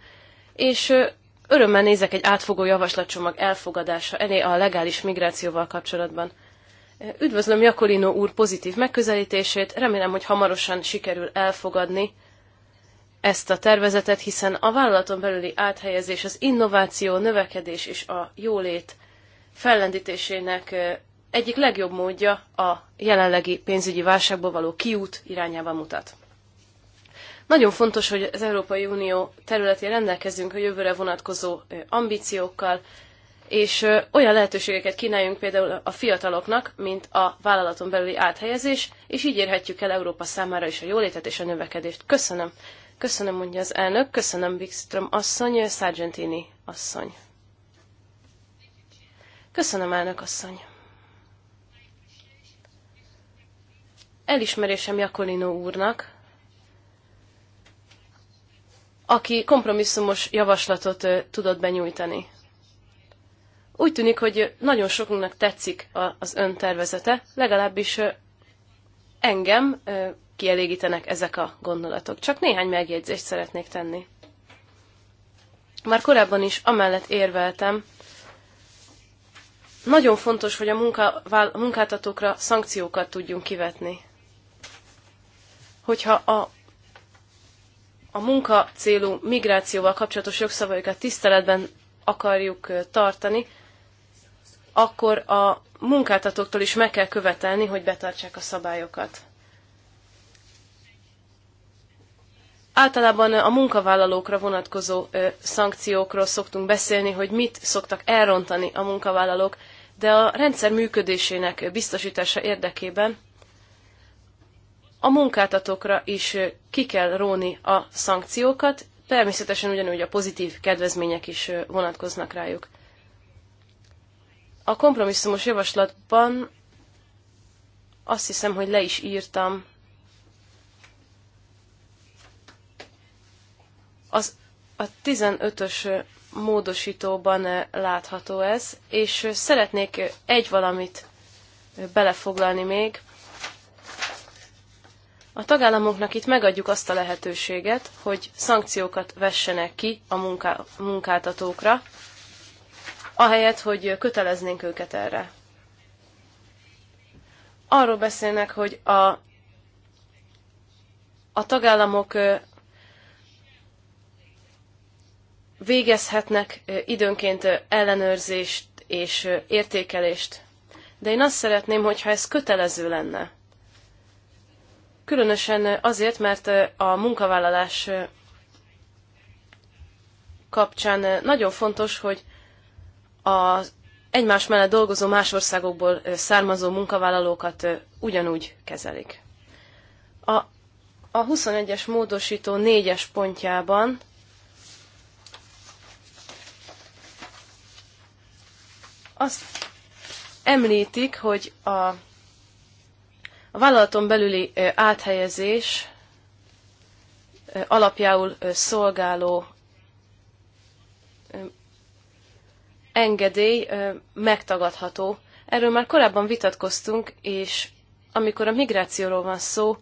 és eh, Örömmel nézek egy átfogó javaslatcsomag elfogadása elé a legális migrációval kapcsolatban. Üdvözlöm Jakolino úr pozitív megközelítését, remélem, hogy hamarosan sikerül elfogadni ezt a tervezetet, hiszen a vállalaton belüli áthelyezés az innováció, növekedés és a jólét fellendítésének egyik legjobb módja a jelenlegi pénzügyi válságból való kiút irányába mutat. Nagyon fontos, hogy az Európai Unió területén rendelkezzünk a jövőre vonatkozó ambíciókkal, és olyan lehetőségeket kínáljunk például a fiataloknak, mint a vállalaton belüli áthelyezés, és így érhetjük el Európa számára is a jólétet és a növekedést. Köszönöm. Köszönöm, mondja az elnök. Köszönöm, Wikström asszony, Sargentini asszony. Köszönöm, elnök asszony. Elismerésem Jakolino úrnak, aki kompromisszumos javaslatot tudott benyújtani. Úgy tűnik, hogy nagyon sokunknak tetszik az ön tervezete, legalábbis engem kielégítenek ezek a gondolatok. Csak néhány megjegyzést szeretnék tenni. Már korábban is amellett érveltem, nagyon fontos, hogy a munkáltatókra szankciókat tudjunk kivetni. Hogyha a a munka célú migrációval kapcsolatos jogszabályokat tiszteletben akarjuk tartani, akkor a munkáltatóktól is meg kell követelni, hogy betartsák a szabályokat. Általában a munkavállalókra vonatkozó szankciókról szoktunk beszélni, hogy mit szoktak elrontani a munkavállalók, de a rendszer működésének biztosítása érdekében a munkáltatókra is ki kell róni a szankciókat, természetesen ugyanúgy a pozitív kedvezmények is vonatkoznak rájuk. A kompromisszumos javaslatban azt hiszem, hogy le is írtam az a 15-ös módosítóban látható ez, és szeretnék egy valamit belefoglalni még, a tagállamoknak itt megadjuk azt a lehetőséget, hogy szankciókat vessenek ki a munká- munkáltatókra, ahelyett, hogy köteleznénk őket erre. Arról beszélnek, hogy a, a tagállamok végezhetnek időnként ellenőrzést és értékelést. De én azt szeretném, hogyha ez kötelező lenne. Különösen azért, mert a munkavállalás kapcsán nagyon fontos, hogy az egymás mellett dolgozó más országokból származó munkavállalókat ugyanúgy kezelik. A, a 21-es módosító 4-es pontjában azt említik, hogy a a vállalaton belüli áthelyezés alapjául szolgáló engedély megtagadható. Erről már korábban vitatkoztunk, és amikor a migrációról van szó,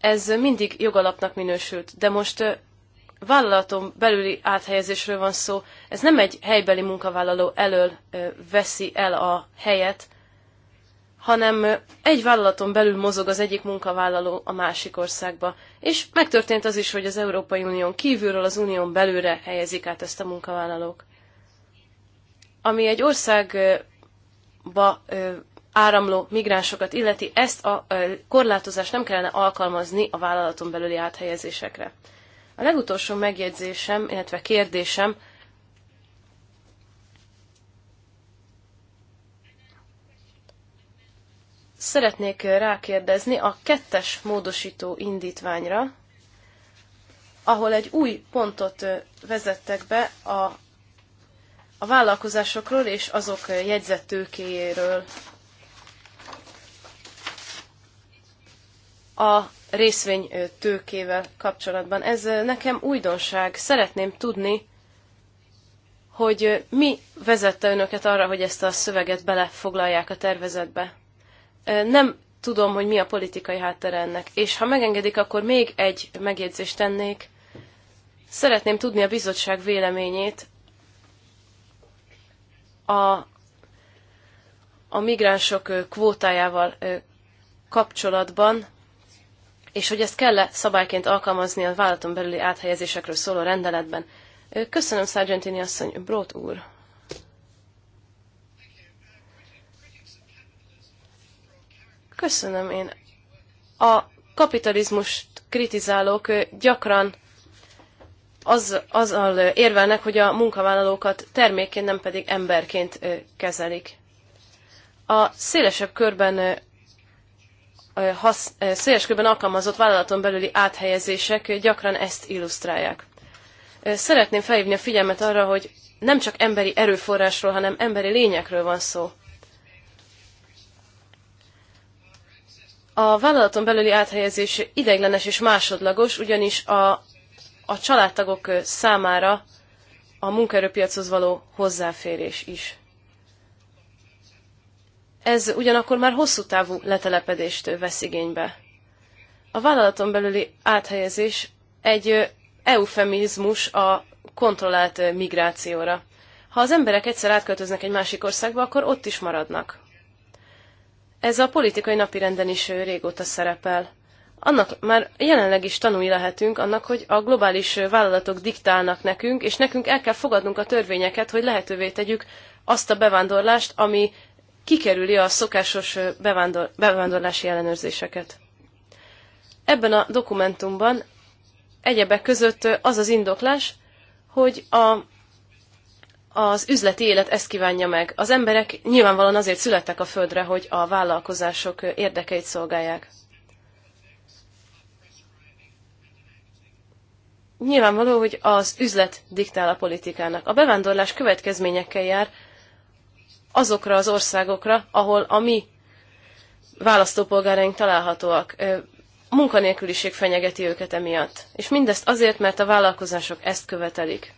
ez mindig jogalapnak minősült. De most vállalaton belüli áthelyezésről van szó, ez nem egy helybeli munkavállaló elől veszi el a helyet, hanem egy vállalaton belül mozog az egyik munkavállaló a másik országba. És megtörtént az is, hogy az Európai Unión kívülről az Unión belőre helyezik át ezt a munkavállalók. Ami egy országba áramló migránsokat illeti, ezt a korlátozást nem kellene alkalmazni a vállalaton belüli áthelyezésekre. A legutolsó megjegyzésem, illetve kérdésem szeretnék rákérdezni a kettes módosító indítványra, ahol egy új pontot vezettek be a, a vállalkozásokról és azok jegyzettőkéjéről. A részvény tőkével kapcsolatban. Ez nekem újdonság. Szeretném tudni, hogy mi vezette önöket arra, hogy ezt a szöveget belefoglalják a tervezetbe. Nem tudom, hogy mi a politikai háttere ennek. És ha megengedik, akkor még egy megjegyzést tennék. Szeretném tudni a bizottság véleményét a, a migránsok kvótájával kapcsolatban, és hogy ezt kell-e szabályként alkalmazni a vállalaton belüli áthelyezésekről szóló rendeletben. Köszönöm, Sargentini asszony, Brot úr. Köszönöm én. A kapitalizmust kritizálók gyakran az, azzal érvelnek, hogy a munkavállalókat termékként, nem pedig emberként kezelik. A szélesebb körben hasz, széles körben alkalmazott vállalaton belüli áthelyezések gyakran ezt illusztrálják. Szeretném felhívni a figyelmet arra, hogy nem csak emberi erőforrásról, hanem emberi lényekről van szó. A vállalaton belüli áthelyezés ideiglenes és másodlagos, ugyanis a, a családtagok számára a munkaerőpiachoz való hozzáférés is. Ez ugyanakkor már hosszú távú letelepedést vesz igénybe. A vállalaton belüli áthelyezés egy eufemizmus a kontrollált migrációra. Ha az emberek egyszer átköltöznek egy másik országba, akkor ott is maradnak. Ez a politikai napirenden is régóta szerepel. Annak már jelenleg is tanulni lehetünk annak, hogy a globális vállalatok diktálnak nekünk, és nekünk el kell fogadnunk a törvényeket, hogy lehetővé tegyük azt a bevándorlást, ami kikerüli a szokásos bevándor, bevándorlási ellenőrzéseket. Ebben a dokumentumban egyebek között az az indoklás, hogy a az üzleti élet ezt kívánja meg. Az emberek nyilvánvalóan azért születtek a földre, hogy a vállalkozások érdekeit szolgálják. Nyilvánvaló, hogy az üzlet diktál a politikának. A bevándorlás következményekkel jár azokra az országokra, ahol a mi választópolgáraink találhatóak. Munkanélküliség fenyegeti őket emiatt. És mindezt azért, mert a vállalkozások ezt követelik.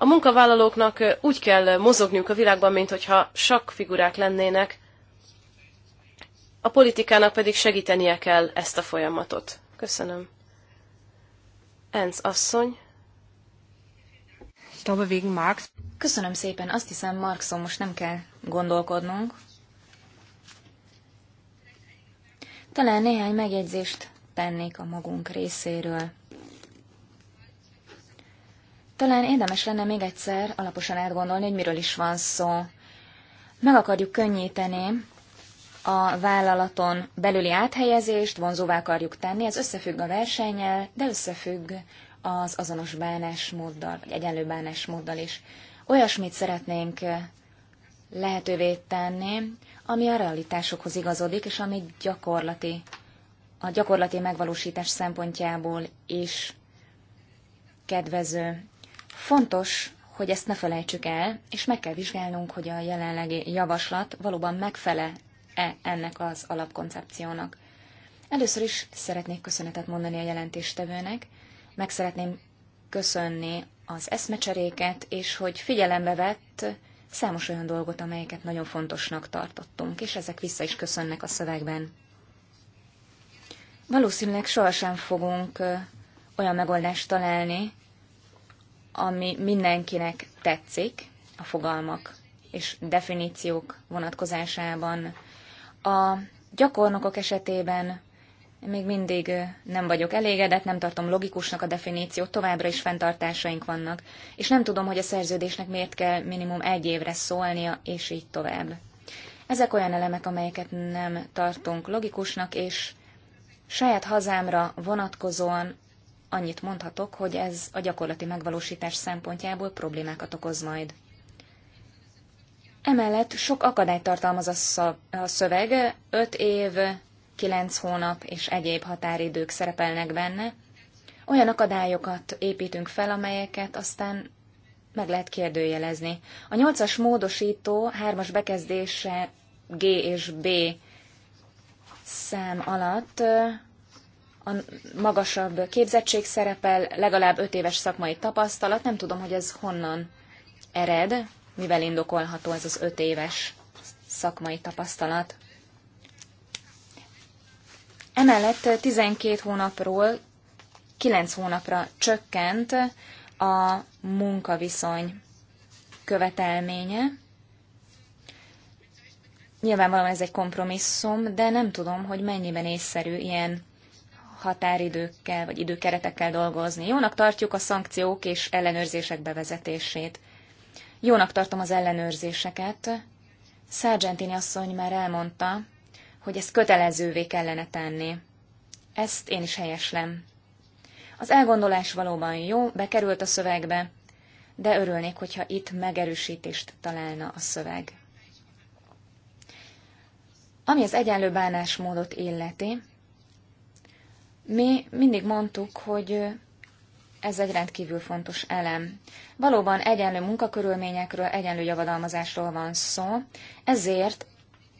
A munkavállalóknak úgy kell mozogniuk a világban, mint hogyha figurák lennének, a politikának pedig segítenie kell ezt a folyamatot. Köszönöm. Enz asszony. Marx. Köszönöm szépen, azt hiszem Marxon most nem kell gondolkodnunk. Talán néhány megjegyzést tennék a magunk részéről. Talán érdemes lenne még egyszer alaposan átgondolni, hogy miről is van szó. Meg akarjuk könnyíteni a vállalaton belüli áthelyezést, vonzóvá akarjuk tenni, ez összefügg a versennyel, de összefügg az azonos bánásmóddal, vagy egyenlő bánásmóddal is. Olyasmit szeretnénk lehetővé tenni, ami a realitásokhoz igazodik, és ami gyakorlati, a gyakorlati megvalósítás szempontjából is kedvező. Fontos, hogy ezt ne felejtsük el, és meg kell vizsgálnunk, hogy a jelenlegi javaslat valóban megfele-e ennek az alapkoncepciónak. Először is szeretnék köszönetet mondani a jelentéstevőnek, meg szeretném köszönni az eszmecseréket, és hogy figyelembe vett számos olyan dolgot, amelyeket nagyon fontosnak tartottunk, és ezek vissza is köszönnek a szövegben. Valószínűleg sohasem fogunk olyan megoldást találni, ami mindenkinek tetszik, a fogalmak és definíciók vonatkozásában. A gyakornokok esetében még mindig nem vagyok elégedett, nem tartom logikusnak a definíciót, továbbra is fenntartásaink vannak, és nem tudom, hogy a szerződésnek miért kell minimum egy évre szólnia, és így tovább. Ezek olyan elemek, amelyeket nem tartunk logikusnak, és saját hazámra vonatkozóan annyit mondhatok, hogy ez a gyakorlati megvalósítás szempontjából problémákat okoz majd. Emellett sok akadályt tartalmaz a szöveg, 5 év, 9 hónap és egyéb határidők szerepelnek benne. Olyan akadályokat építünk fel, amelyeket aztán meg lehet kérdőjelezni. A 8-as módosító 3-as bekezdése G és B szám alatt a magasabb képzettség szerepel, legalább öt éves szakmai tapasztalat. Nem tudom, hogy ez honnan ered, mivel indokolható ez az öt éves szakmai tapasztalat. Emellett 12 hónapról 9 hónapra csökkent a munkaviszony követelménye. Nyilvánvalóan ez egy kompromisszum, de nem tudom, hogy mennyiben észszerű ilyen határidőkkel vagy időkeretekkel dolgozni. Jónak tartjuk a szankciók és ellenőrzések bevezetését. Jónak tartom az ellenőrzéseket. Sargentini asszony már elmondta, hogy ezt kötelezővé kellene tenni. Ezt én is helyeslem. Az elgondolás valóban jó, bekerült a szövegbe, de örülnék, hogyha itt megerősítést találna a szöveg. Ami az egyenlő bánásmódot illeti, mi mindig mondtuk, hogy ez egy rendkívül fontos elem. Valóban egyenlő munkakörülményekről, egyenlő javadalmazásról van szó, ezért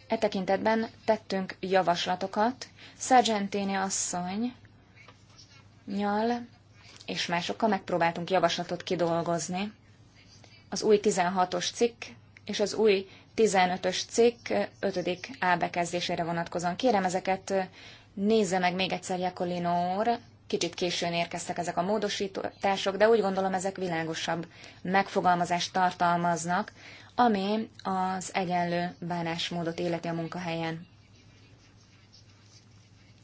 e tekintetben tettünk javaslatokat. Sargentini asszony nyal és másokkal megpróbáltunk javaslatot kidolgozni. Az új 16-os cikk és az új 15-ös cikk 5. A bekezdésére vonatkozóan. Kérem, ezeket nézze meg még egyszer Jakolino úr, kicsit későn érkeztek ezek a módosítások, de úgy gondolom ezek világosabb megfogalmazást tartalmaznak, ami az egyenlő bánásmódot életi a munkahelyen.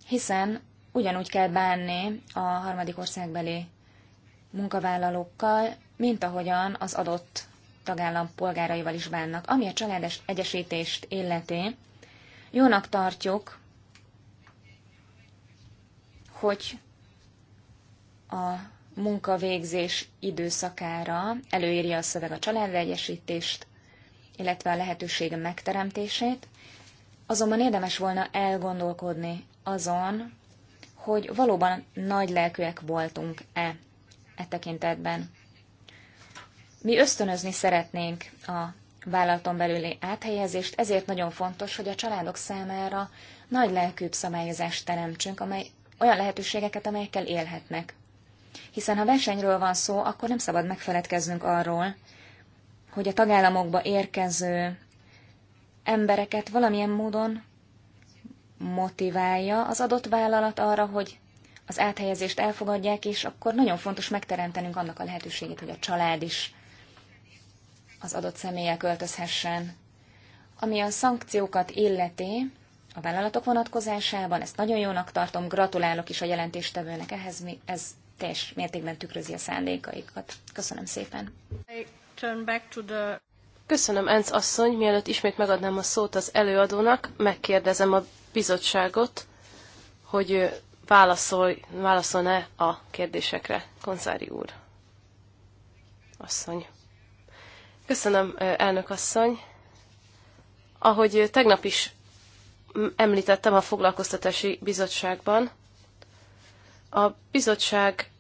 Hiszen ugyanúgy kell bánni a harmadik országbeli munkavállalókkal, mint ahogyan az adott tagállam polgáraival is bánnak. Ami a családes egyesítést illeti, jónak tartjuk hogy a munkavégzés időszakára előírja a szöveg a családegyesítést, illetve a lehetőség megteremtését, azonban érdemes volna elgondolkodni azon, hogy valóban nagy lelkűek voltunk-e e tekintetben. Mi ösztönözni szeretnénk a vállalaton belüli áthelyezést, ezért nagyon fontos, hogy a családok számára nagy lelkűbb szabályozást teremtsünk, amely olyan lehetőségeket, amelyekkel élhetnek. Hiszen ha versenyről van szó, akkor nem szabad megfeledkeznünk arról, hogy a tagállamokba érkező embereket valamilyen módon motiválja az adott vállalat arra, hogy az áthelyezést elfogadják, és akkor nagyon fontos megteremtenünk annak a lehetőségét, hogy a család is az adott személye költözhessen. Ami a szankciókat illeti, a vállalatok vonatkozásában. Ezt nagyon jónak tartom, gratulálok is a jelentéstevőnek ehhez, mi, ez teljes mértékben tükrözi a szándékaikat. Köszönöm szépen. The... Köszönöm, Enc asszony, mielőtt ismét megadnám a szót az előadónak, megkérdezem a bizottságot, hogy válaszol, válaszol-e a kérdésekre, Konzári úr. Asszony. Köszönöm, elnök asszony. Ahogy tegnap is említettem a foglalkoztatási bizottságban. A bizottság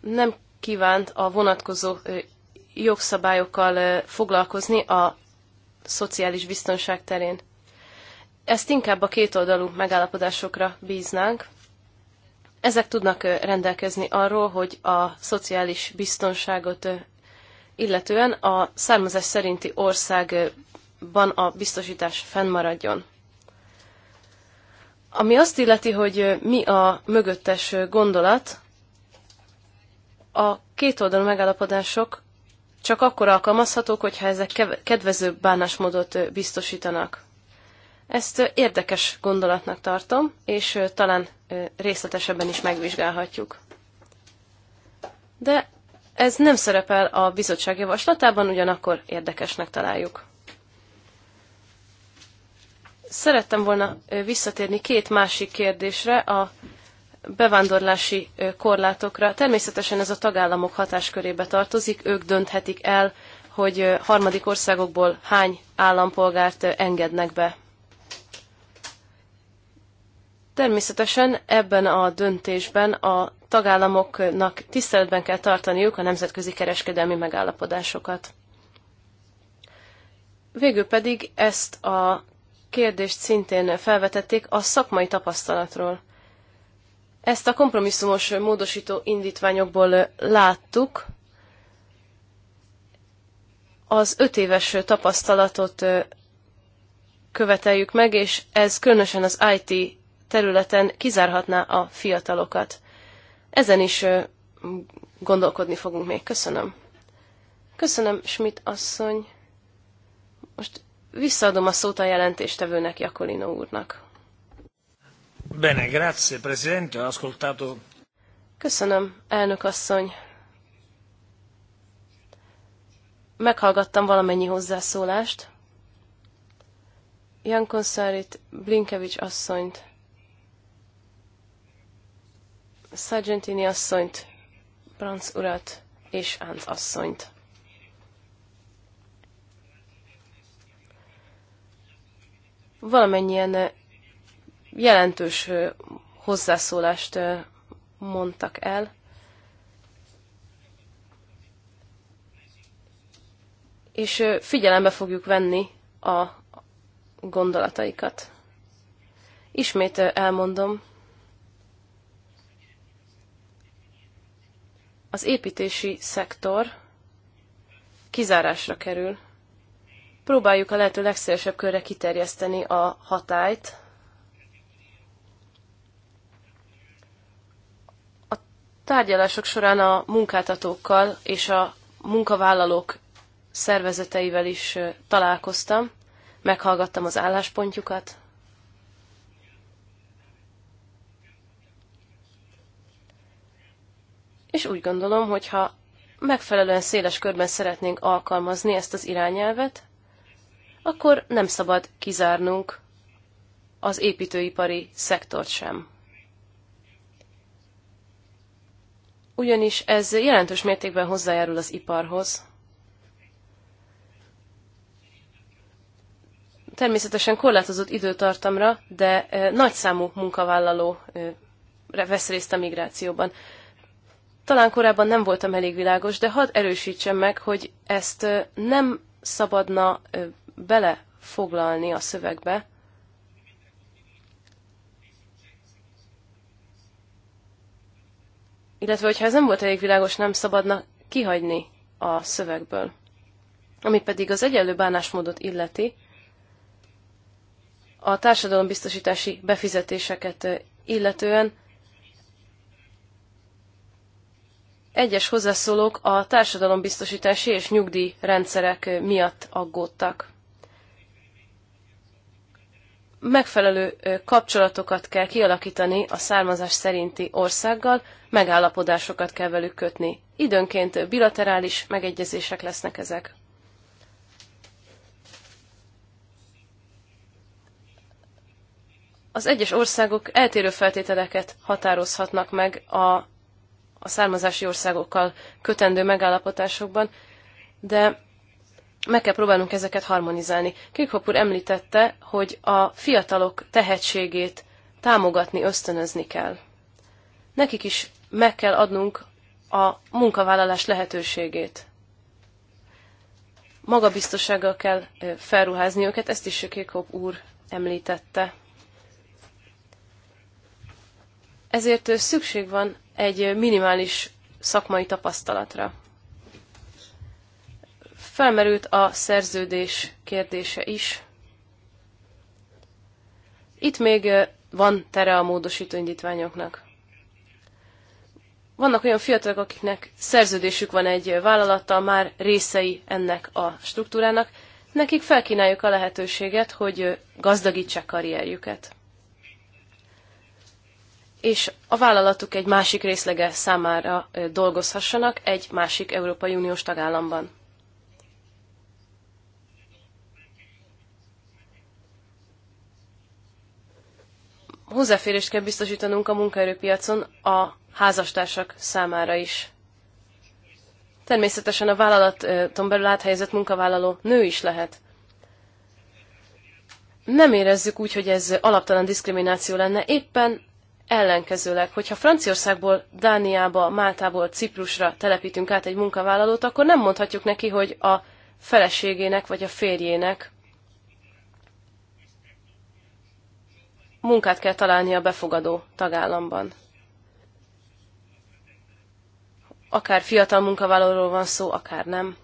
nem kívánt a vonatkozó jogszabályokkal foglalkozni a szociális biztonság terén. Ezt inkább a kétoldalú megállapodásokra bíznánk. Ezek tudnak rendelkezni arról, hogy a szociális biztonságot illetően a származás szerinti ország ban a biztosítás fennmaradjon. Ami azt illeti, hogy mi a mögöttes gondolat, a két oldalú megállapodások csak akkor alkalmazhatók, hogyha ezek kedvező bánásmódot biztosítanak. Ezt érdekes gondolatnak tartom, és talán részletesebben is megvizsgálhatjuk. De ez nem szerepel a bizottság javaslatában, ugyanakkor érdekesnek találjuk. Szerettem volna visszatérni két másik kérdésre, a bevándorlási korlátokra. Természetesen ez a tagállamok hatáskörébe tartozik, ők dönthetik el, hogy harmadik országokból hány állampolgárt engednek be. Természetesen ebben a döntésben a tagállamoknak tiszteletben kell tartaniuk a nemzetközi kereskedelmi megállapodásokat. Végül pedig ezt a kérdést szintén felvetették a szakmai tapasztalatról. Ezt a kompromisszumos módosító indítványokból láttuk. Az öt éves tapasztalatot követeljük meg, és ez különösen az IT területen kizárhatná a fiatalokat. Ezen is gondolkodni fogunk még. Köszönöm. Köszönöm, Schmidt asszony. Most Visszaadom a szót a jelentéstevőnek, Jakolino úrnak. Bene, grazie, presidente, ascoltato. Köszönöm, elnök asszony. Meghallgattam valamennyi hozzászólást. Jan Konszárit, Blinkevics asszonyt, Sargentini asszonyt, Franz urat és Ánz asszonyt. valamennyien jelentős hozzászólást mondtak el. És figyelembe fogjuk venni a gondolataikat. Ismét elmondom, az építési szektor kizárásra kerül Próbáljuk a lehető legszélesebb körre kiterjeszteni a hatályt. A tárgyalások során a munkáltatókkal és a munkavállalók szervezeteivel is találkoztam, meghallgattam az álláspontjukat. És úgy gondolom, hogy ha megfelelően széles körben szeretnénk alkalmazni ezt az irányelvet, akkor nem szabad kizárnunk az építőipari szektort sem. Ugyanis ez jelentős mértékben hozzájárul az iparhoz. Természetesen korlátozott időtartamra, de e, nagyszámú munkavállaló e, vesz részt a migrációban. Talán korábban nem voltam elég világos, de hadd erősítsem meg, hogy ezt e, nem szabadna belefoglalni a szövegbe, illetve hogyha ez nem volt elég világos, nem szabadna kihagyni a szövegből. Ami pedig az egyenlő bánásmódot illeti, a társadalombiztosítási befizetéseket illetően egyes hozzászólók a társadalombiztosítási és nyugdíjrendszerek miatt aggódtak megfelelő kapcsolatokat kell kialakítani a származás szerinti országgal, megállapodásokat kell velük kötni. Időnként bilaterális megegyezések lesznek ezek. Az egyes országok eltérő feltételeket határozhatnak meg a, a származási országokkal kötendő megállapotásokban, de meg kell próbálnunk ezeket harmonizálni. Kirkhopur említette, hogy a fiatalok tehetségét támogatni, ösztönözni kell. Nekik is meg kell adnunk a munkavállalás lehetőségét. Magabiztossággal kell felruházni őket, ezt is Kirkhop úr említette. Ezért szükség van egy minimális szakmai tapasztalatra felmerült a szerződés kérdése is. Itt még van tere a módosító indítványoknak. Vannak olyan fiatalok, akiknek szerződésük van egy vállalattal, már részei ennek a struktúrának, nekik felkínáljuk a lehetőséget, hogy gazdagítsák karrierjüket. És a vállalatuk egy másik részlege számára dolgozhassanak egy másik Európai Uniós tagállamban. hozzáférést kell biztosítanunk a munkaerőpiacon a házastársak számára is. Természetesen a vállalaton belül áthelyezett munkavállaló nő is lehet. Nem érezzük úgy, hogy ez alaptalan diszkrimináció lenne, éppen ellenkezőleg, hogyha Franciaországból, Dániába, Máltából, Ciprusra telepítünk át egy munkavállalót, akkor nem mondhatjuk neki, hogy a feleségének vagy a férjének munkát kell találni a befogadó tagállamban. Akár fiatal munkavállalóról van szó, akár nem.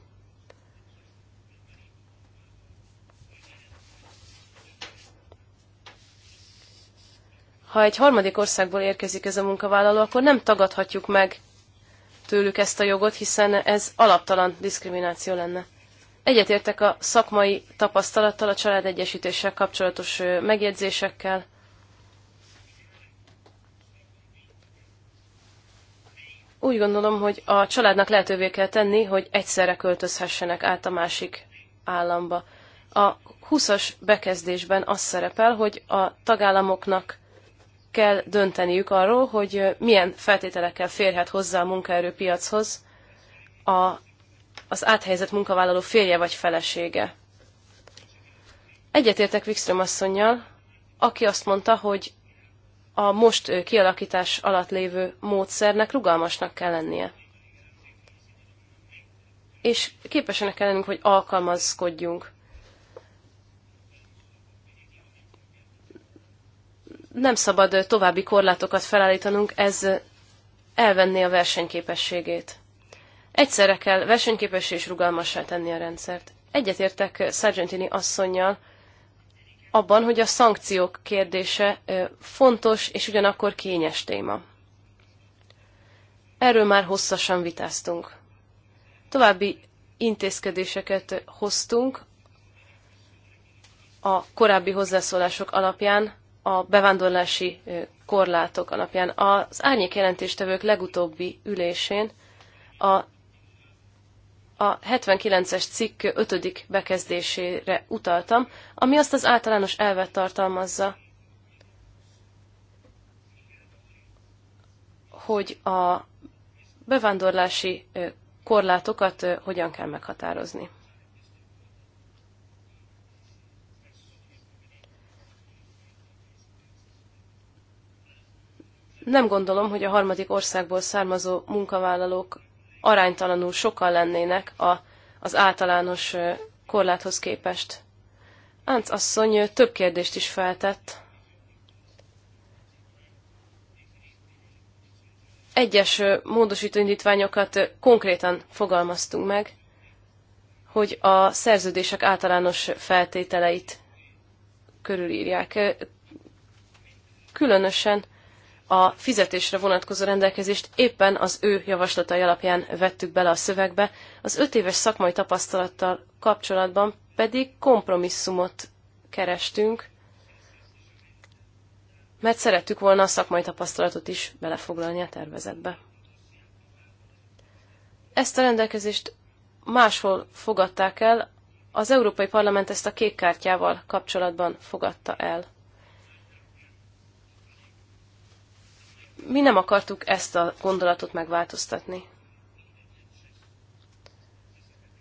Ha egy harmadik országból érkezik ez a munkavállaló, akkor nem tagadhatjuk meg tőlük ezt a jogot, hiszen ez alaptalan diszkrimináció lenne. Egyetértek a szakmai tapasztalattal, a családegyesítéssel kapcsolatos megjegyzésekkel, úgy gondolom, hogy a családnak lehetővé kell tenni, hogy egyszerre költözhessenek át a másik államba. A 20-as bekezdésben az szerepel, hogy a tagállamoknak kell dönteniük arról, hogy milyen feltételekkel férhet hozzá a munkaerőpiachoz a, az áthelyezett munkavállaló férje vagy felesége. Egyetértek Wikström asszonynal, aki azt mondta, hogy a most kialakítás alatt lévő módszernek rugalmasnak kell lennie. És képesenek kell lennünk, hogy alkalmazkodjunk. Nem szabad további korlátokat felállítanunk, ez elvenné a versenyképességét. Egyszerre kell versenyképessé és rugalmassá tenni a rendszert. Egyetértek Sargentini asszonynal, abban, hogy a szankciók kérdése fontos és ugyanakkor kényes téma. Erről már hosszasan vitáztunk. További intézkedéseket hoztunk a korábbi hozzászólások alapján, a bevándorlási korlátok alapján. Az árnyék jelentéstevők legutóbbi ülésén a a 79-es cikk 5. bekezdésére utaltam, ami azt az általános elvet tartalmazza, hogy a bevándorlási korlátokat hogyan kell meghatározni. Nem gondolom, hogy a harmadik országból származó munkavállalók aránytalanul sokan lennének a, az általános korláthoz képest. Ánc asszony több kérdést is feltett. Egyes módosító indítványokat konkrétan fogalmaztunk meg, hogy a szerződések általános feltételeit körülírják. Különösen a fizetésre vonatkozó rendelkezést éppen az ő javaslatai alapján vettük bele a szövegbe, az öt éves szakmai tapasztalattal kapcsolatban pedig kompromisszumot kerestünk, mert szerettük volna a szakmai tapasztalatot is belefoglalni a tervezetbe. Ezt a rendelkezést máshol fogadták el, az Európai Parlament ezt a kék kártyával kapcsolatban fogadta el. mi nem akartuk ezt a gondolatot megváltoztatni.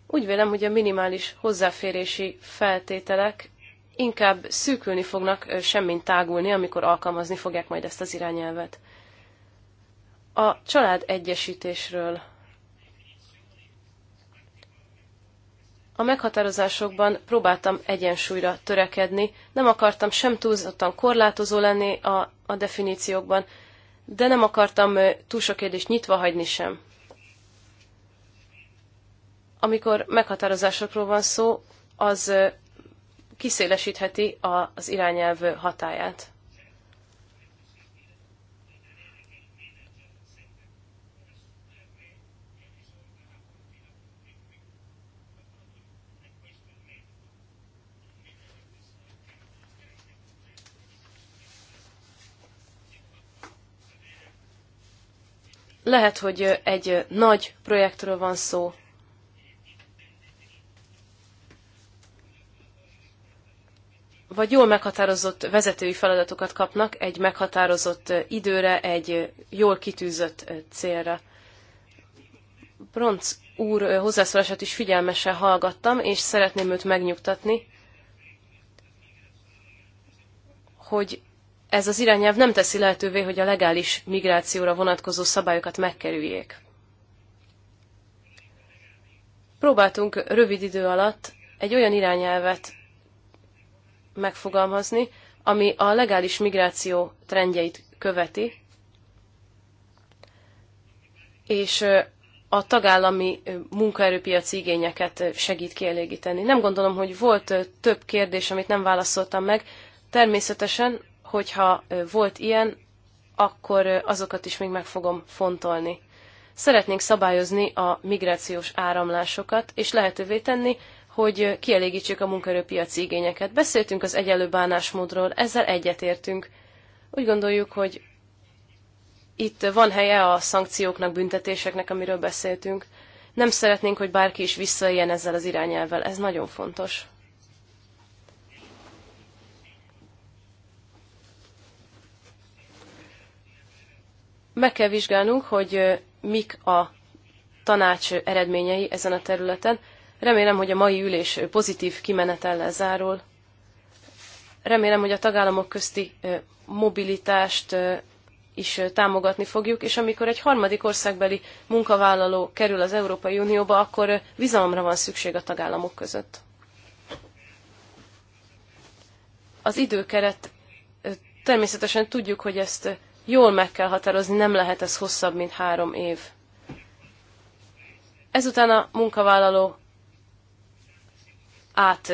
Úgy vélem, hogy a minimális hozzáférési feltételek inkább szűkülni fognak, semmint tágulni, amikor alkalmazni fogják majd ezt az irányelvet. A család egyesítésről. A meghatározásokban próbáltam egyensúlyra törekedni, nem akartam sem túlzottan korlátozó lenni a, a definíciókban, de nem akartam túl sok kérdést nyitva hagyni sem. Amikor meghatározásokról van szó, az kiszélesítheti az irányelv hatáját. Lehet, hogy egy nagy projektről van szó. Vagy jól meghatározott vezetői feladatokat kapnak egy meghatározott időre, egy jól kitűzött célra. Bronc úr hozzászólását is figyelmesen hallgattam, és szeretném őt megnyugtatni, hogy ez az irányelv nem teszi lehetővé, hogy a legális migrációra vonatkozó szabályokat megkerüljék. Próbáltunk rövid idő alatt egy olyan irányelvet megfogalmazni, ami a legális migráció trendjeit követi, és a tagállami munkaerőpiaci igényeket segít kielégíteni. Nem gondolom, hogy volt több kérdés, amit nem válaszoltam meg. Természetesen hogyha volt ilyen, akkor azokat is még meg fogom fontolni. Szeretnénk szabályozni a migrációs áramlásokat, és lehetővé tenni, hogy kielégítsük a munkaerőpiaci igényeket. Beszéltünk az egyelő bánásmódról, ezzel egyetértünk. Úgy gondoljuk, hogy itt van helye a szankcióknak, büntetéseknek, amiről beszéltünk. Nem szeretnénk, hogy bárki is visszaéljen ezzel az irányelvel. Ez nagyon fontos. meg kell vizsgálnunk, hogy mik a tanács eredményei ezen a területen. Remélem, hogy a mai ülés pozitív kimenetellel zárul. Remélem, hogy a tagállamok közti mobilitást is támogatni fogjuk, és amikor egy harmadik országbeli munkavállaló kerül az Európai Unióba, akkor bizalomra van szükség a tagállamok között. Az időkeret természetesen tudjuk, hogy ezt jól meg kell határozni, nem lehet ez hosszabb, mint három év. Ezután a munkavállaló át,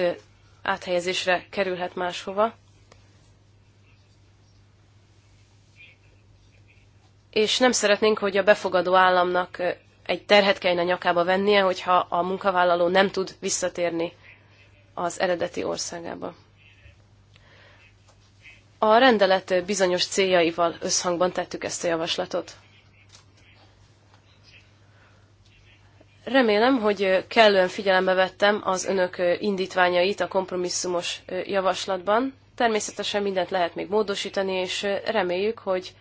áthelyezésre kerülhet máshova. És nem szeretnénk, hogy a befogadó államnak egy terhet kellene nyakába vennie, hogyha a munkavállaló nem tud visszatérni az eredeti országába. A rendelet bizonyos céljaival összhangban tettük ezt a javaslatot. Remélem, hogy kellően figyelembe vettem az önök indítványait a kompromisszumos javaslatban. Természetesen mindent lehet még módosítani, és reméljük, hogy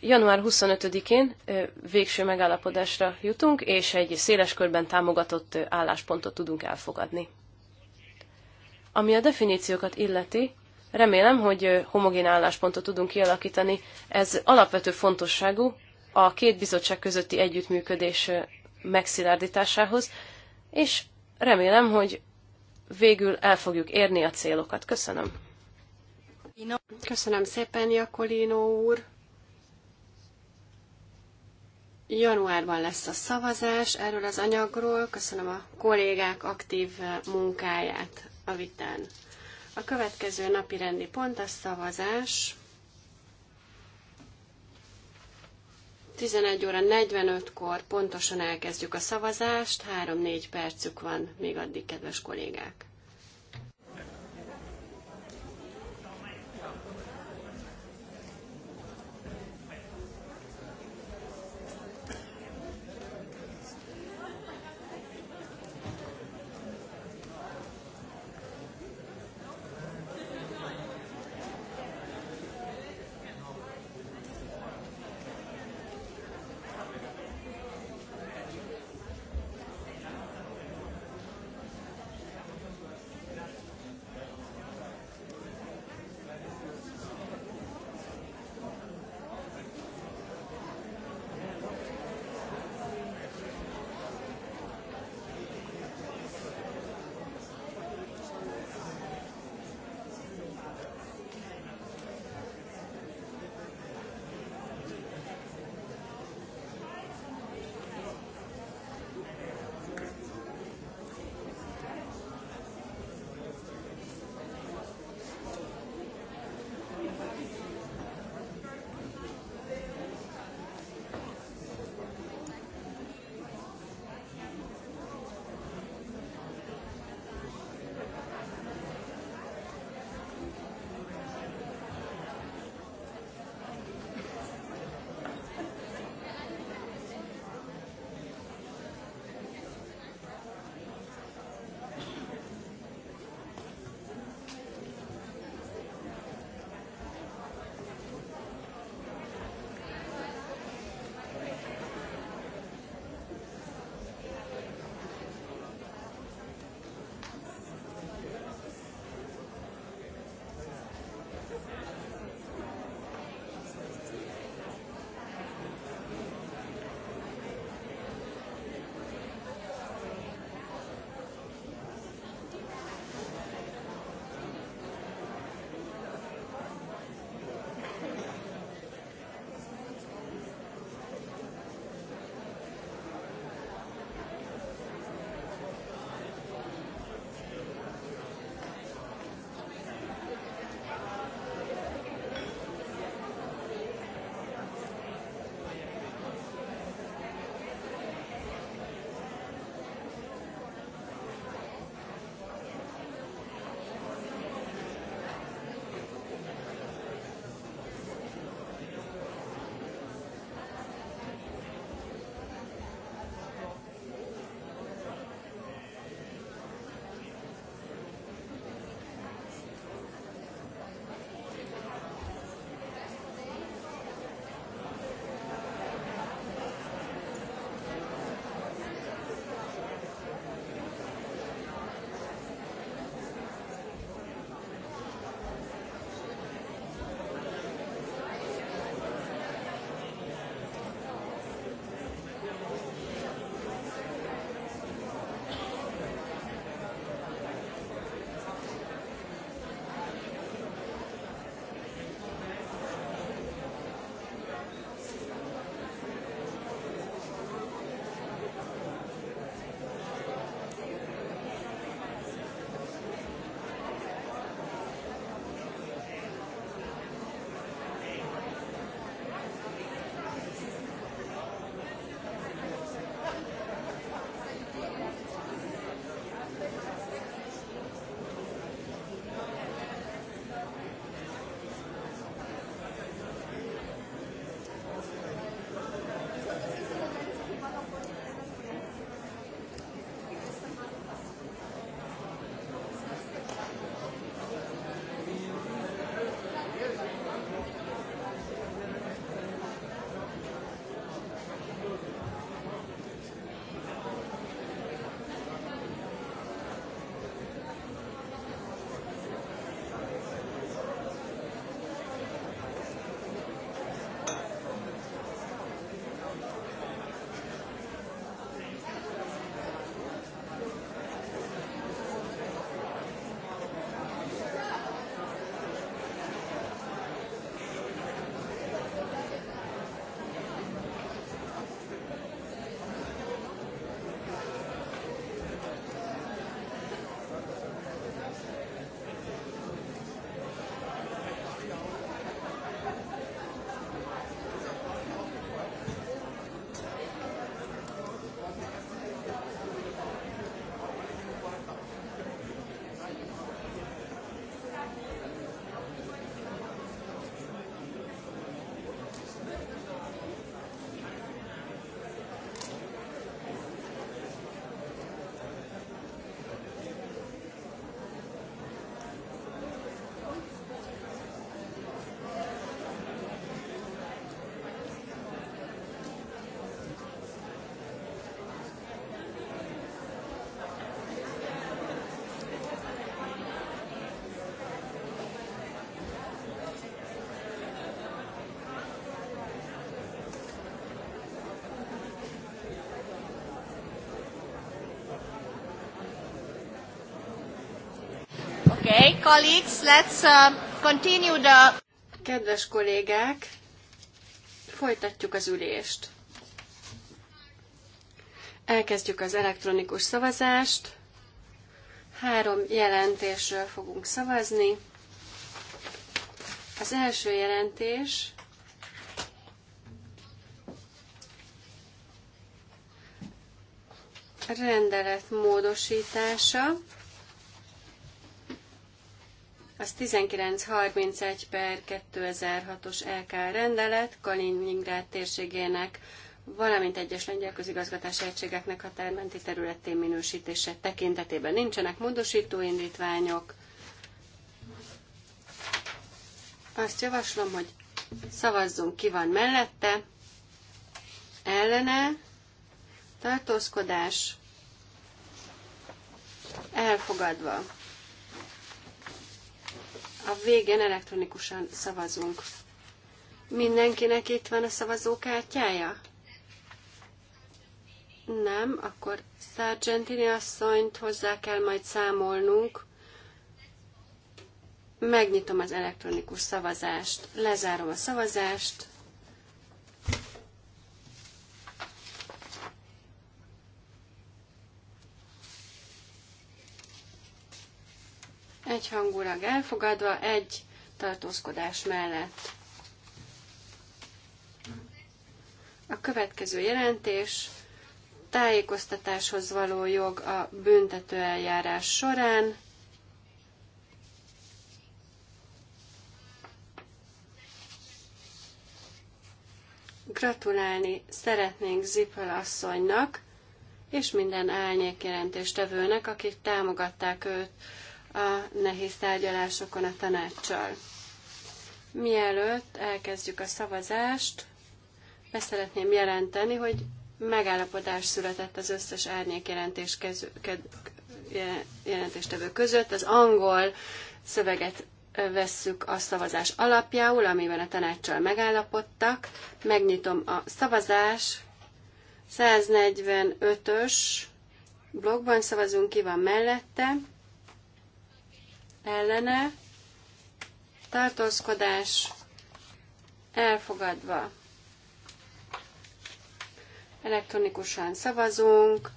január 25-én végső megállapodásra jutunk, és egy széles körben támogatott álláspontot tudunk elfogadni. Ami a definíciókat illeti, remélem, hogy homogén álláspontot tudunk kialakítani. Ez alapvető fontosságú a két bizottság közötti együttműködés megszilárdításához, és remélem, hogy végül el fogjuk érni a célokat. Köszönöm. Köszönöm szépen, Jakolino úr. Januárban lesz a szavazás erről az anyagról. Köszönöm a kollégák aktív munkáját a vitán. A következő napi rendi pont a szavazás. 11 óra 45-kor pontosan elkezdjük a szavazást, 3-4 percük van még addig, kedves kollégák. Okay, colleagues, let's um, continue the... Kedves kollégák, folytatjuk az ülést. Elkezdjük az elektronikus szavazást. Három jelentésről fogunk szavazni. Az első jelentés rendelet módosítása az 1931 per 2006-os LK rendelet Kaliningrád térségének, valamint egyes lengyel közigazgatási egységeknek határmenti területén minősítése tekintetében nincsenek módosító indítványok. Azt javaslom, hogy szavazzunk ki van mellette, ellene, tartózkodás, elfogadva. A végén elektronikusan szavazunk. Mindenkinek itt van a szavazókártyája? Nem, akkor Sargentini asszonyt hozzá kell majd számolnunk. Megnyitom az elektronikus szavazást, lezárom a szavazást. egyhangulag elfogadva, egy tartózkodás mellett. A következő jelentés tájékoztatáshoz való jog a eljárás során. Gratulálni szeretnénk Zipel asszonynak és minden jelentéstevőnek, akik támogatták őt a nehéz tárgyalásokon a tanácssal. Mielőtt elkezdjük a szavazást, beszeretném jelenteni, hogy megállapodás született az összes árnyék jelentés kező, ked, jelentéstevő között. Az angol szöveget vesszük a szavazás alapjául, amiben a tanácssal megállapodtak. Megnyitom a szavazás. 145-ös blogban szavazunk, ki van mellette ellene, tartózkodás elfogadva. Elektronikusan szavazunk.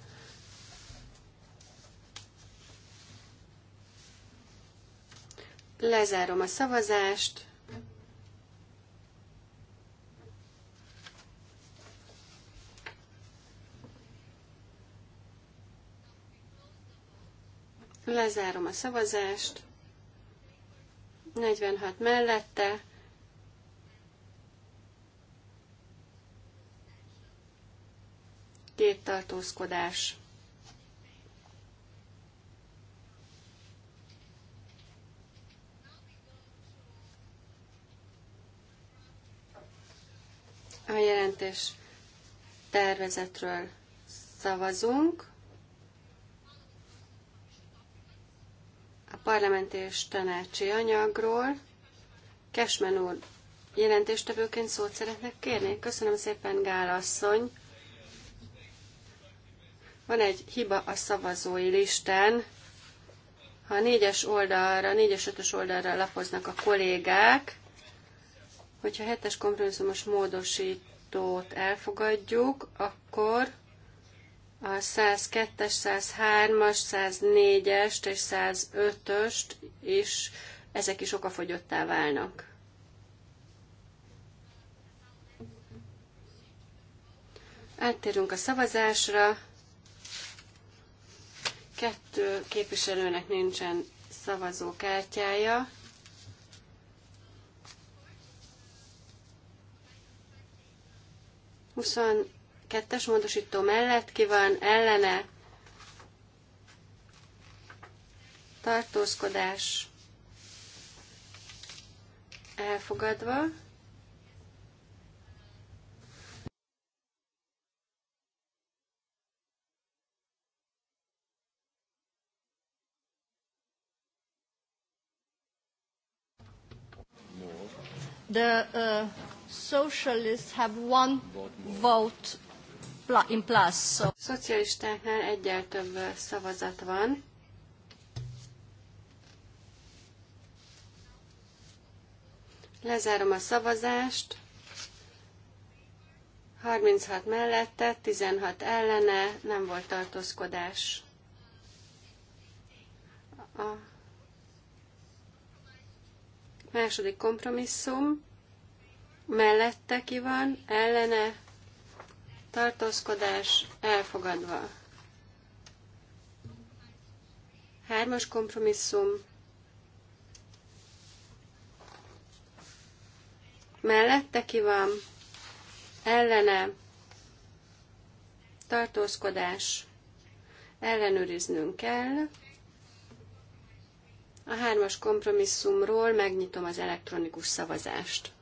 Lezárom a szavazást. Lezárom a szavazást. 46 mellette, két tartózkodás. A jelentés tervezetről szavazunk. parlament és tanácsi anyagról. Kesmen úr, jelentéstevőként szót szeretnek kérni? Köszönöm szépen, Gál asszony. Van egy hiba a szavazói listán. Ha a négyes oldalra, négyes ötös oldalra lapoznak a kollégák, hogyha hetes kompromisszumos módosítót elfogadjuk, akkor a 102-es, 103-as, 104-est és 105-öst is, ezek is okafogyottá válnak. Áttérünk a szavazásra. Kettő képviselőnek nincsen szavazókártyája. Huszon Kettes módosító mellett ki van, ellene tartózkodás elfogadva. The uh, socialists have one vote in plus. So. A szocialistáknál egyel több szavazat van. Lezárom a szavazást. 36 mellette, 16 ellene, nem volt tartózkodás. A második kompromisszum mellette ki van, ellene, tartózkodás elfogadva. Hármas kompromisszum mellette ki van, ellene, tartózkodás, ellenőriznünk kell. A hármas kompromisszumról megnyitom az elektronikus szavazást.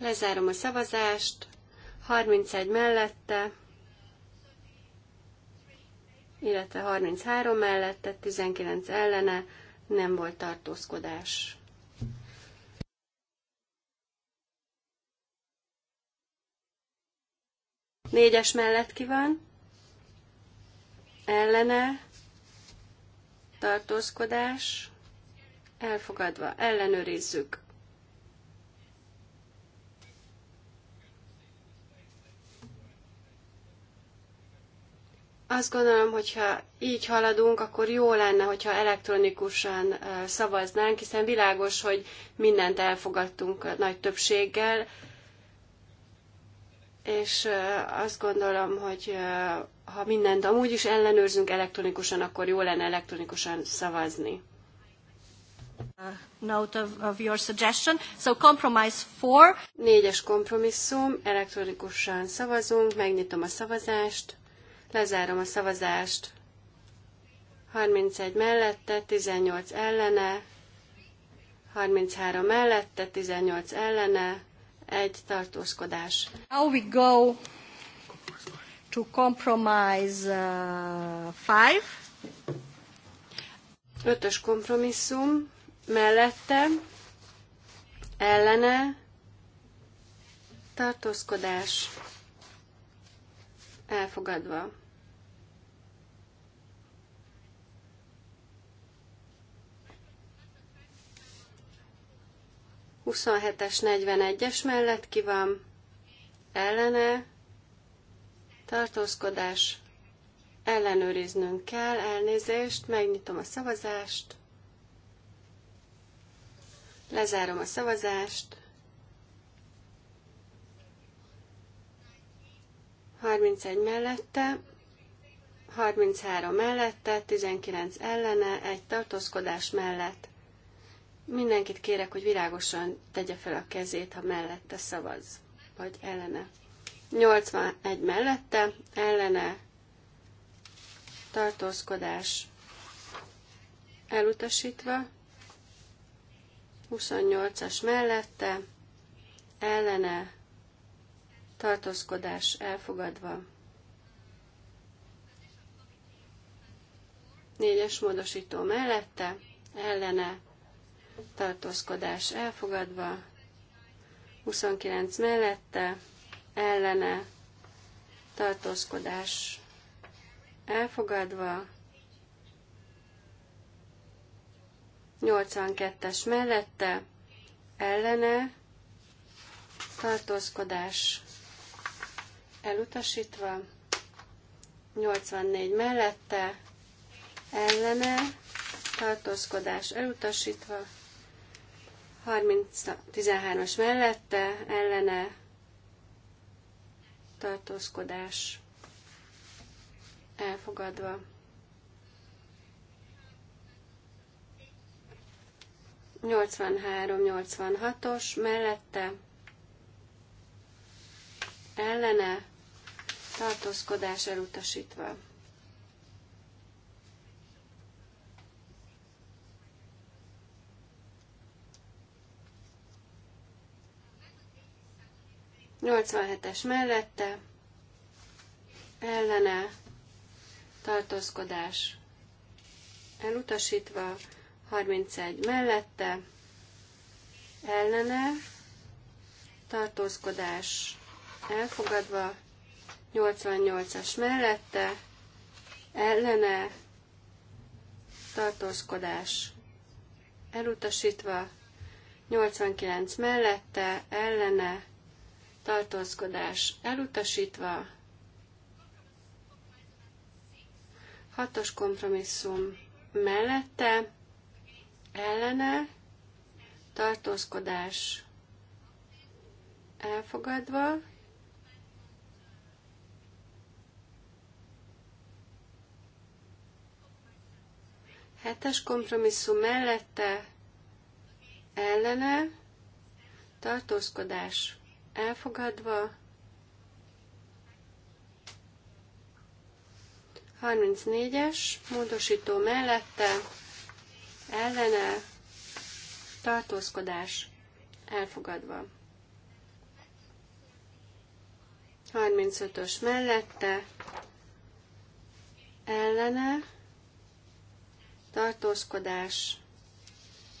Lezárom a szavazást. 31 mellette, illetve 33 mellette, 19 ellene nem volt tartózkodás. Négyes mellett ki van, ellene, tartózkodás, elfogadva, ellenőrizzük. Azt gondolom, hogyha így haladunk, akkor jó lenne, hogyha elektronikusan szavaznánk, hiszen világos, hogy mindent elfogadtunk nagy többséggel, és azt gondolom, hogy ha mindent amúgy is ellenőrzünk elektronikusan, akkor jó lenne elektronikusan szavazni. Uh, note of, of your suggestion. So compromise four. Négyes kompromisszum, elektronikusan szavazunk, megnyitom a szavazást. Lezárom a szavazást. 31 mellette, 18 ellene, 33 mellette, 18 ellene, egy tartózkodás. How we go to compromise uh, five. Ötös kompromisszum mellette, ellene, tartózkodás elfogadva. Huszonhetes, negyvenegyes mellett ki van, ellene, tartózkodás, ellenőriznünk kell, elnézést, megnyitom a szavazást, lezárom a szavazást, 31 mellette, 33 mellette, 19 ellene, egy tartózkodás mellett. Mindenkit kérek, hogy virágosan tegye fel a kezét, ha mellette szavaz, vagy ellene. 81 mellette, ellene, tartózkodás elutasítva, 28-as mellette, ellene, tartózkodás elfogadva. Négyes módosító mellette, ellene, tartózkodás elfogadva. 29 mellette, ellene, tartózkodás elfogadva. 82-es mellette, ellene, tartózkodás elutasítva, 84 mellette, ellene, tartózkodás elutasítva, 30-13-as mellette, ellene, tartózkodás elfogadva. nyolcvan hatos mellette, ellene, tartózkodás elutasítva. 92-es mellette, ellene, tartózkodás elutasítva, 31 mellette, ellene, tartózkodás elfogadva, 88-as mellette, ellene, tartózkodás elutasítva, 89 mellette, ellene, tartózkodás elutasítva, 6-os kompromisszum mellette, ellene, tartózkodás elfogadva, Hetes kompromisszum mellette ellene tartózkodás elfogadva. 34-es módosító mellette ellene tartózkodás elfogadva. 35-ös mellette ellene tartózkodás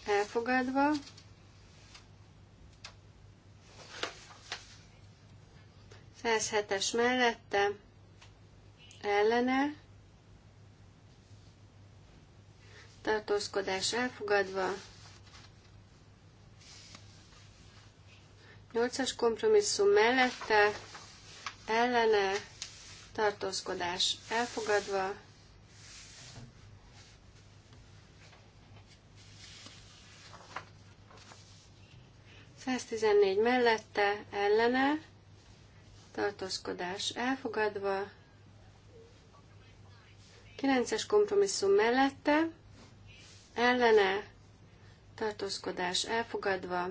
elfogadva, Száz hetes mellette, ellene, tartózkodás elfogadva, 8 kompromisszum mellette, ellene, tartózkodás elfogadva, 114 mellette ellene tartózkodás elfogadva, 9-es kompromisszum mellette ellene tartózkodás elfogadva,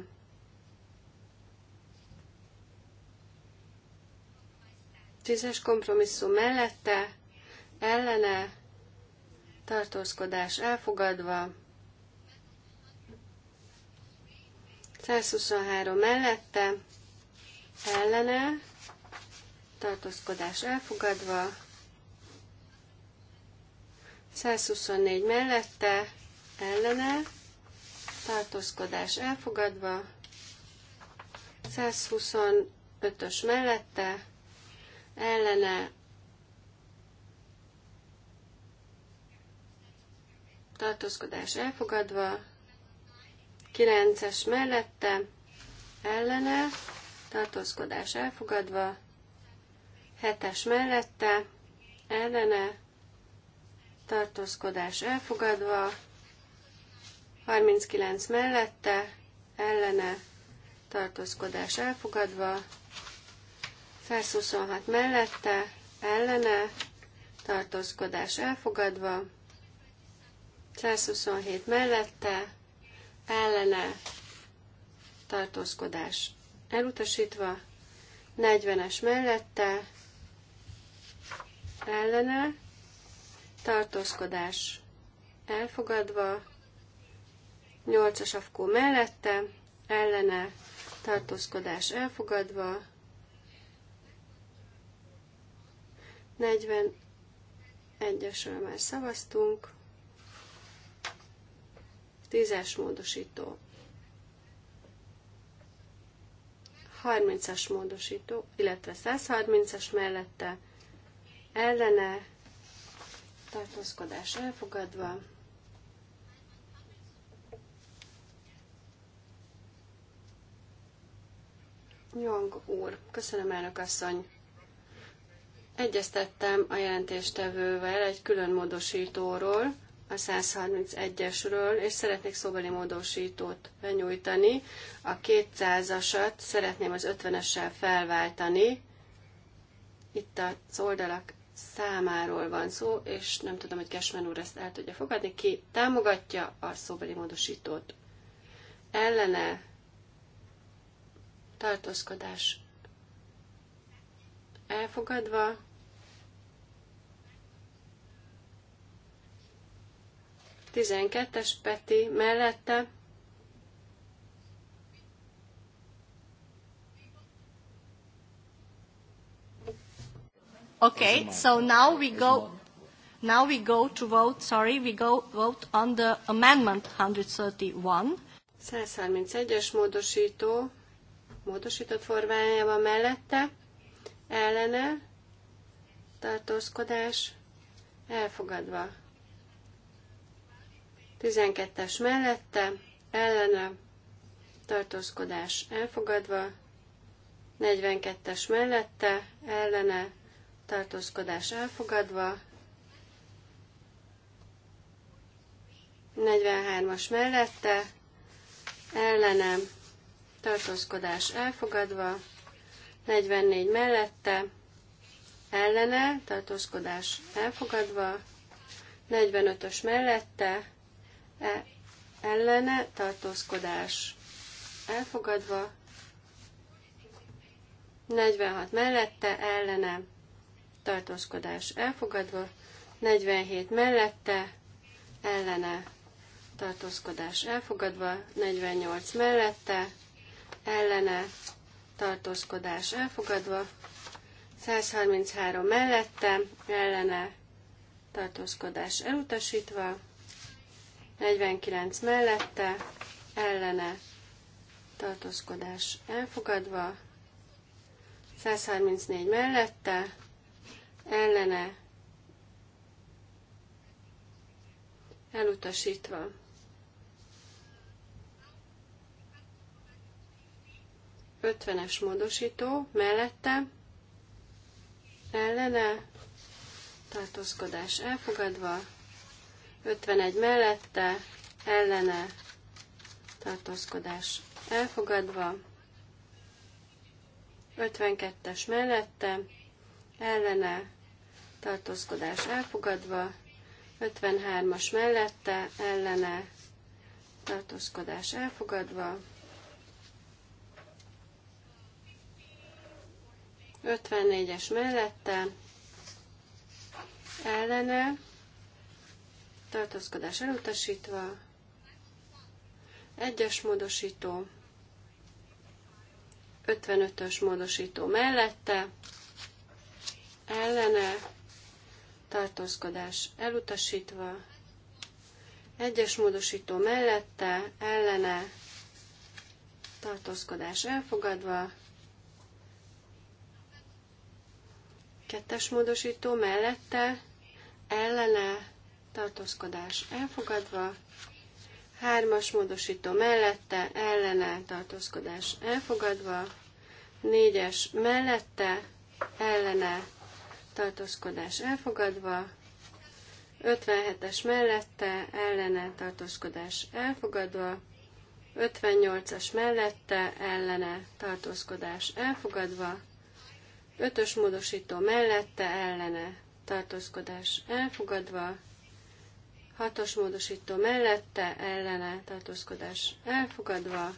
10-es kompromisszum mellette, ellene, tartózkodás elfogadva, 123 mellette, ellene, tartózkodás elfogadva, 124 mellette, ellene, tartózkodás elfogadva, 125-ös mellette, ellene, tartózkodás elfogadva, 9-es mellette ellene, tartózkodás elfogadva, 7-es mellette ellene, tartózkodás elfogadva, 39 mellette ellene, tartózkodás elfogadva, 126 mellette ellene, tartózkodás elfogadva, 127 mellette ellene tartózkodás elutasítva, 40-es mellette ellene tartózkodás elfogadva, 8-as afkó mellette ellene tartózkodás elfogadva, 41-esről már szavaztunk, 10-es módosító, 30-as módosító, illetve 130-as mellette ellene tartózkodás elfogadva, Nyong úr, köszönöm elnök asszony. Egyeztettem a jelentéstevővel egy külön módosítóról, a 131-esről, és szeretnék szóbeli módosítót nyújtani. A 200-asat szeretném az 50-essel felváltani. Itt az oldalak számáról van szó, és nem tudom, hogy Kesmen úr ezt el tudja fogadni. Ki támogatja a szóbeli módosítót? Ellene tartózkodás elfogadva, 12-es Peti mellette. Okay, so now we go now we go to vote, sorry, we go vote on the amendment 131. 131-es módosító, módosított formájában mellette, ellene, tartózkodás, elfogadva. 12-es mellette, ellene, tartózkodás elfogadva, 42-es mellette, ellene, tartózkodás elfogadva, 43-as mellette, ellene, tartózkodás elfogadva, 44 mellette, ellene, tartózkodás elfogadva, 45-ös mellette, E, ellene tartózkodás elfogadva, 46 mellette ellene tartózkodás elfogadva, 47 mellette ellene tartózkodás elfogadva, 48 mellette ellene tartózkodás elfogadva, 133 mellette ellene tartózkodás elutasítva, 49 mellette, ellene tartózkodás elfogadva, 134 mellette, ellene elutasítva. Ötvenes módosító mellette, ellene tartózkodás elfogadva, 51 mellette, ellene, tartózkodás elfogadva, 52-es mellette, ellene, tartózkodás elfogadva, 53-as mellette, ellene, tartózkodás elfogadva, 54-es mellette, ellene, tartózkodás elutasítva, egyes módosító, 55-ös módosító mellette, ellene, tartózkodás elutasítva, egyes módosító mellette, ellene, tartózkodás elfogadva, kettes módosító mellette, ellene, tartózkodás elfogadva, hármas módosító mellette, ellene, tartózkodás elfogadva, négyes mellette, ellene, tartózkodás elfogadva, 57-es mellette, ellene, tartózkodás elfogadva, 58-as mellette, ellene, tartózkodás elfogadva, 5-ös módosító mellette, ellene, tartózkodás elfogadva, Hatos módosító mellette, ellene tartózkodás elfogadva.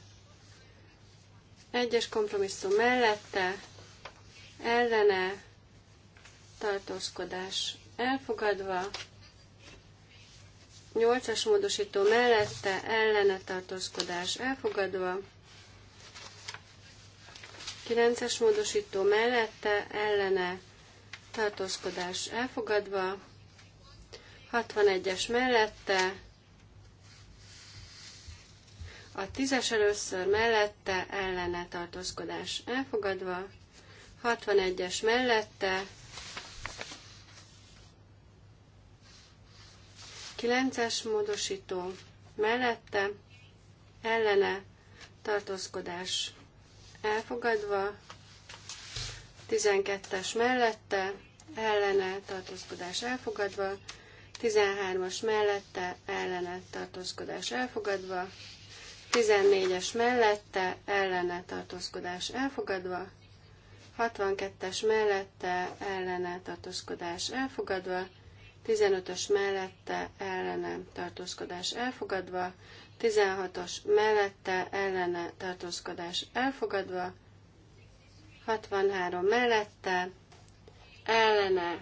Egyes kompromisszum mellette, ellene tartózkodás elfogadva. Nyolcas módosító mellette, ellene tartózkodás elfogadva. Kilences módosító mellette, ellene tartózkodás elfogadva. 61-es mellette, a 10-es először mellette ellene tartózkodás elfogadva, 61-es mellette, 9-es módosító mellette ellene tartózkodás elfogadva, 12-es mellette ellene tartózkodás elfogadva, 13-as mellette ellene tartózkodás elfogadva, 14-es mellette ellene tartózkodás elfogadva, 62-es mellette ellene tartózkodás elfogadva, 15-ös mellette ellene tartózkodás elfogadva, 16-os mellette ellene tartózkodás elfogadva, 63 mellette ellene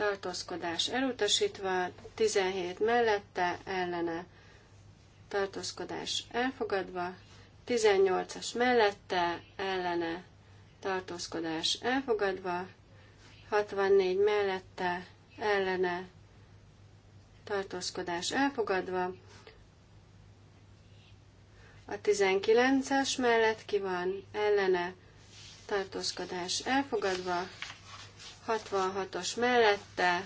tartózkodás elutasítva, 17 mellette ellene tartózkodás elfogadva, 18-as mellette ellene tartózkodás elfogadva, 64 mellette ellene tartózkodás elfogadva, a 19-es mellett ki van ellene tartózkodás elfogadva, 66-os mellette,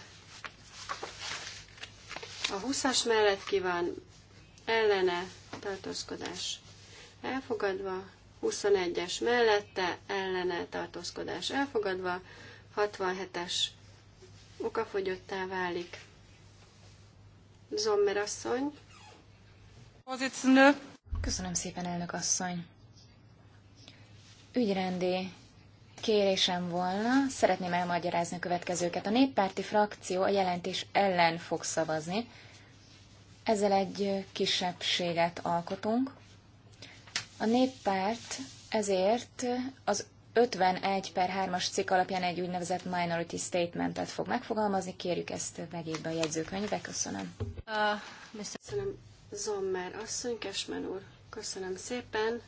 a 20-as mellett ki van, ellene, tartózkodás elfogadva, 21-es mellette, ellene, tartózkodás elfogadva, 67-es okafogyottá válik. Zommer asszony. Köszönöm szépen, elnök asszony. Ügyrendi kérésem volna, szeretném elmagyarázni a következőket. A néppárti frakció a jelentés ellen fog szavazni. Ezzel egy kisebbséget alkotunk. A néppárt ezért az 51 per 3-as cikk alapján egy úgynevezett minority statementet fog megfogalmazni. Kérjük ezt megírva a jegyzőkönyvbe. Köszönöm. Uh, köszönöm Zommer asszony, Kesmen úr. Köszönöm szépen.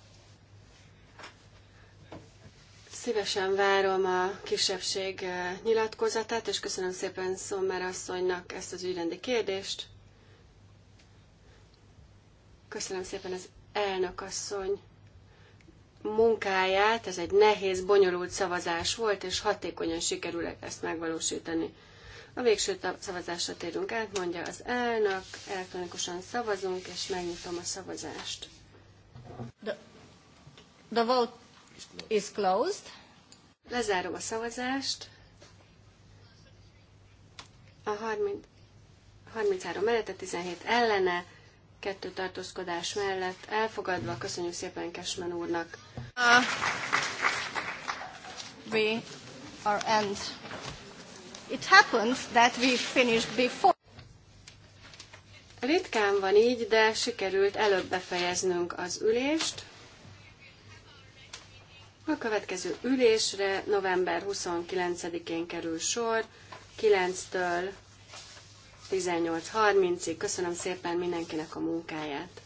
Szívesen várom a kisebbség eh, nyilatkozatát, és köszönöm szépen Szommer asszonynak ezt az ügyrendi kérdést. Köszönöm szépen az elnök asszony munkáját. Ez egy nehéz, bonyolult szavazás volt, és hatékonyan sikerül ezt megvalósítani. A végső szavazásra térünk át, mondja az elnök, elektronikusan szavazunk, és megnyitom a szavazást. De de volt is closed. Lezárom a szavazást. A 30, 33 mellette, 17 ellene, kettő tartózkodás mellett elfogadva. Köszönjük szépen Kesmen úrnak. Uh, we are end. It happens that we finished before. Ritkán van így, de sikerült előbb befejeznünk az ülést. A következő ülésre november 29-én kerül sor, 9-től 18.30-ig. Köszönöm szépen mindenkinek a munkáját!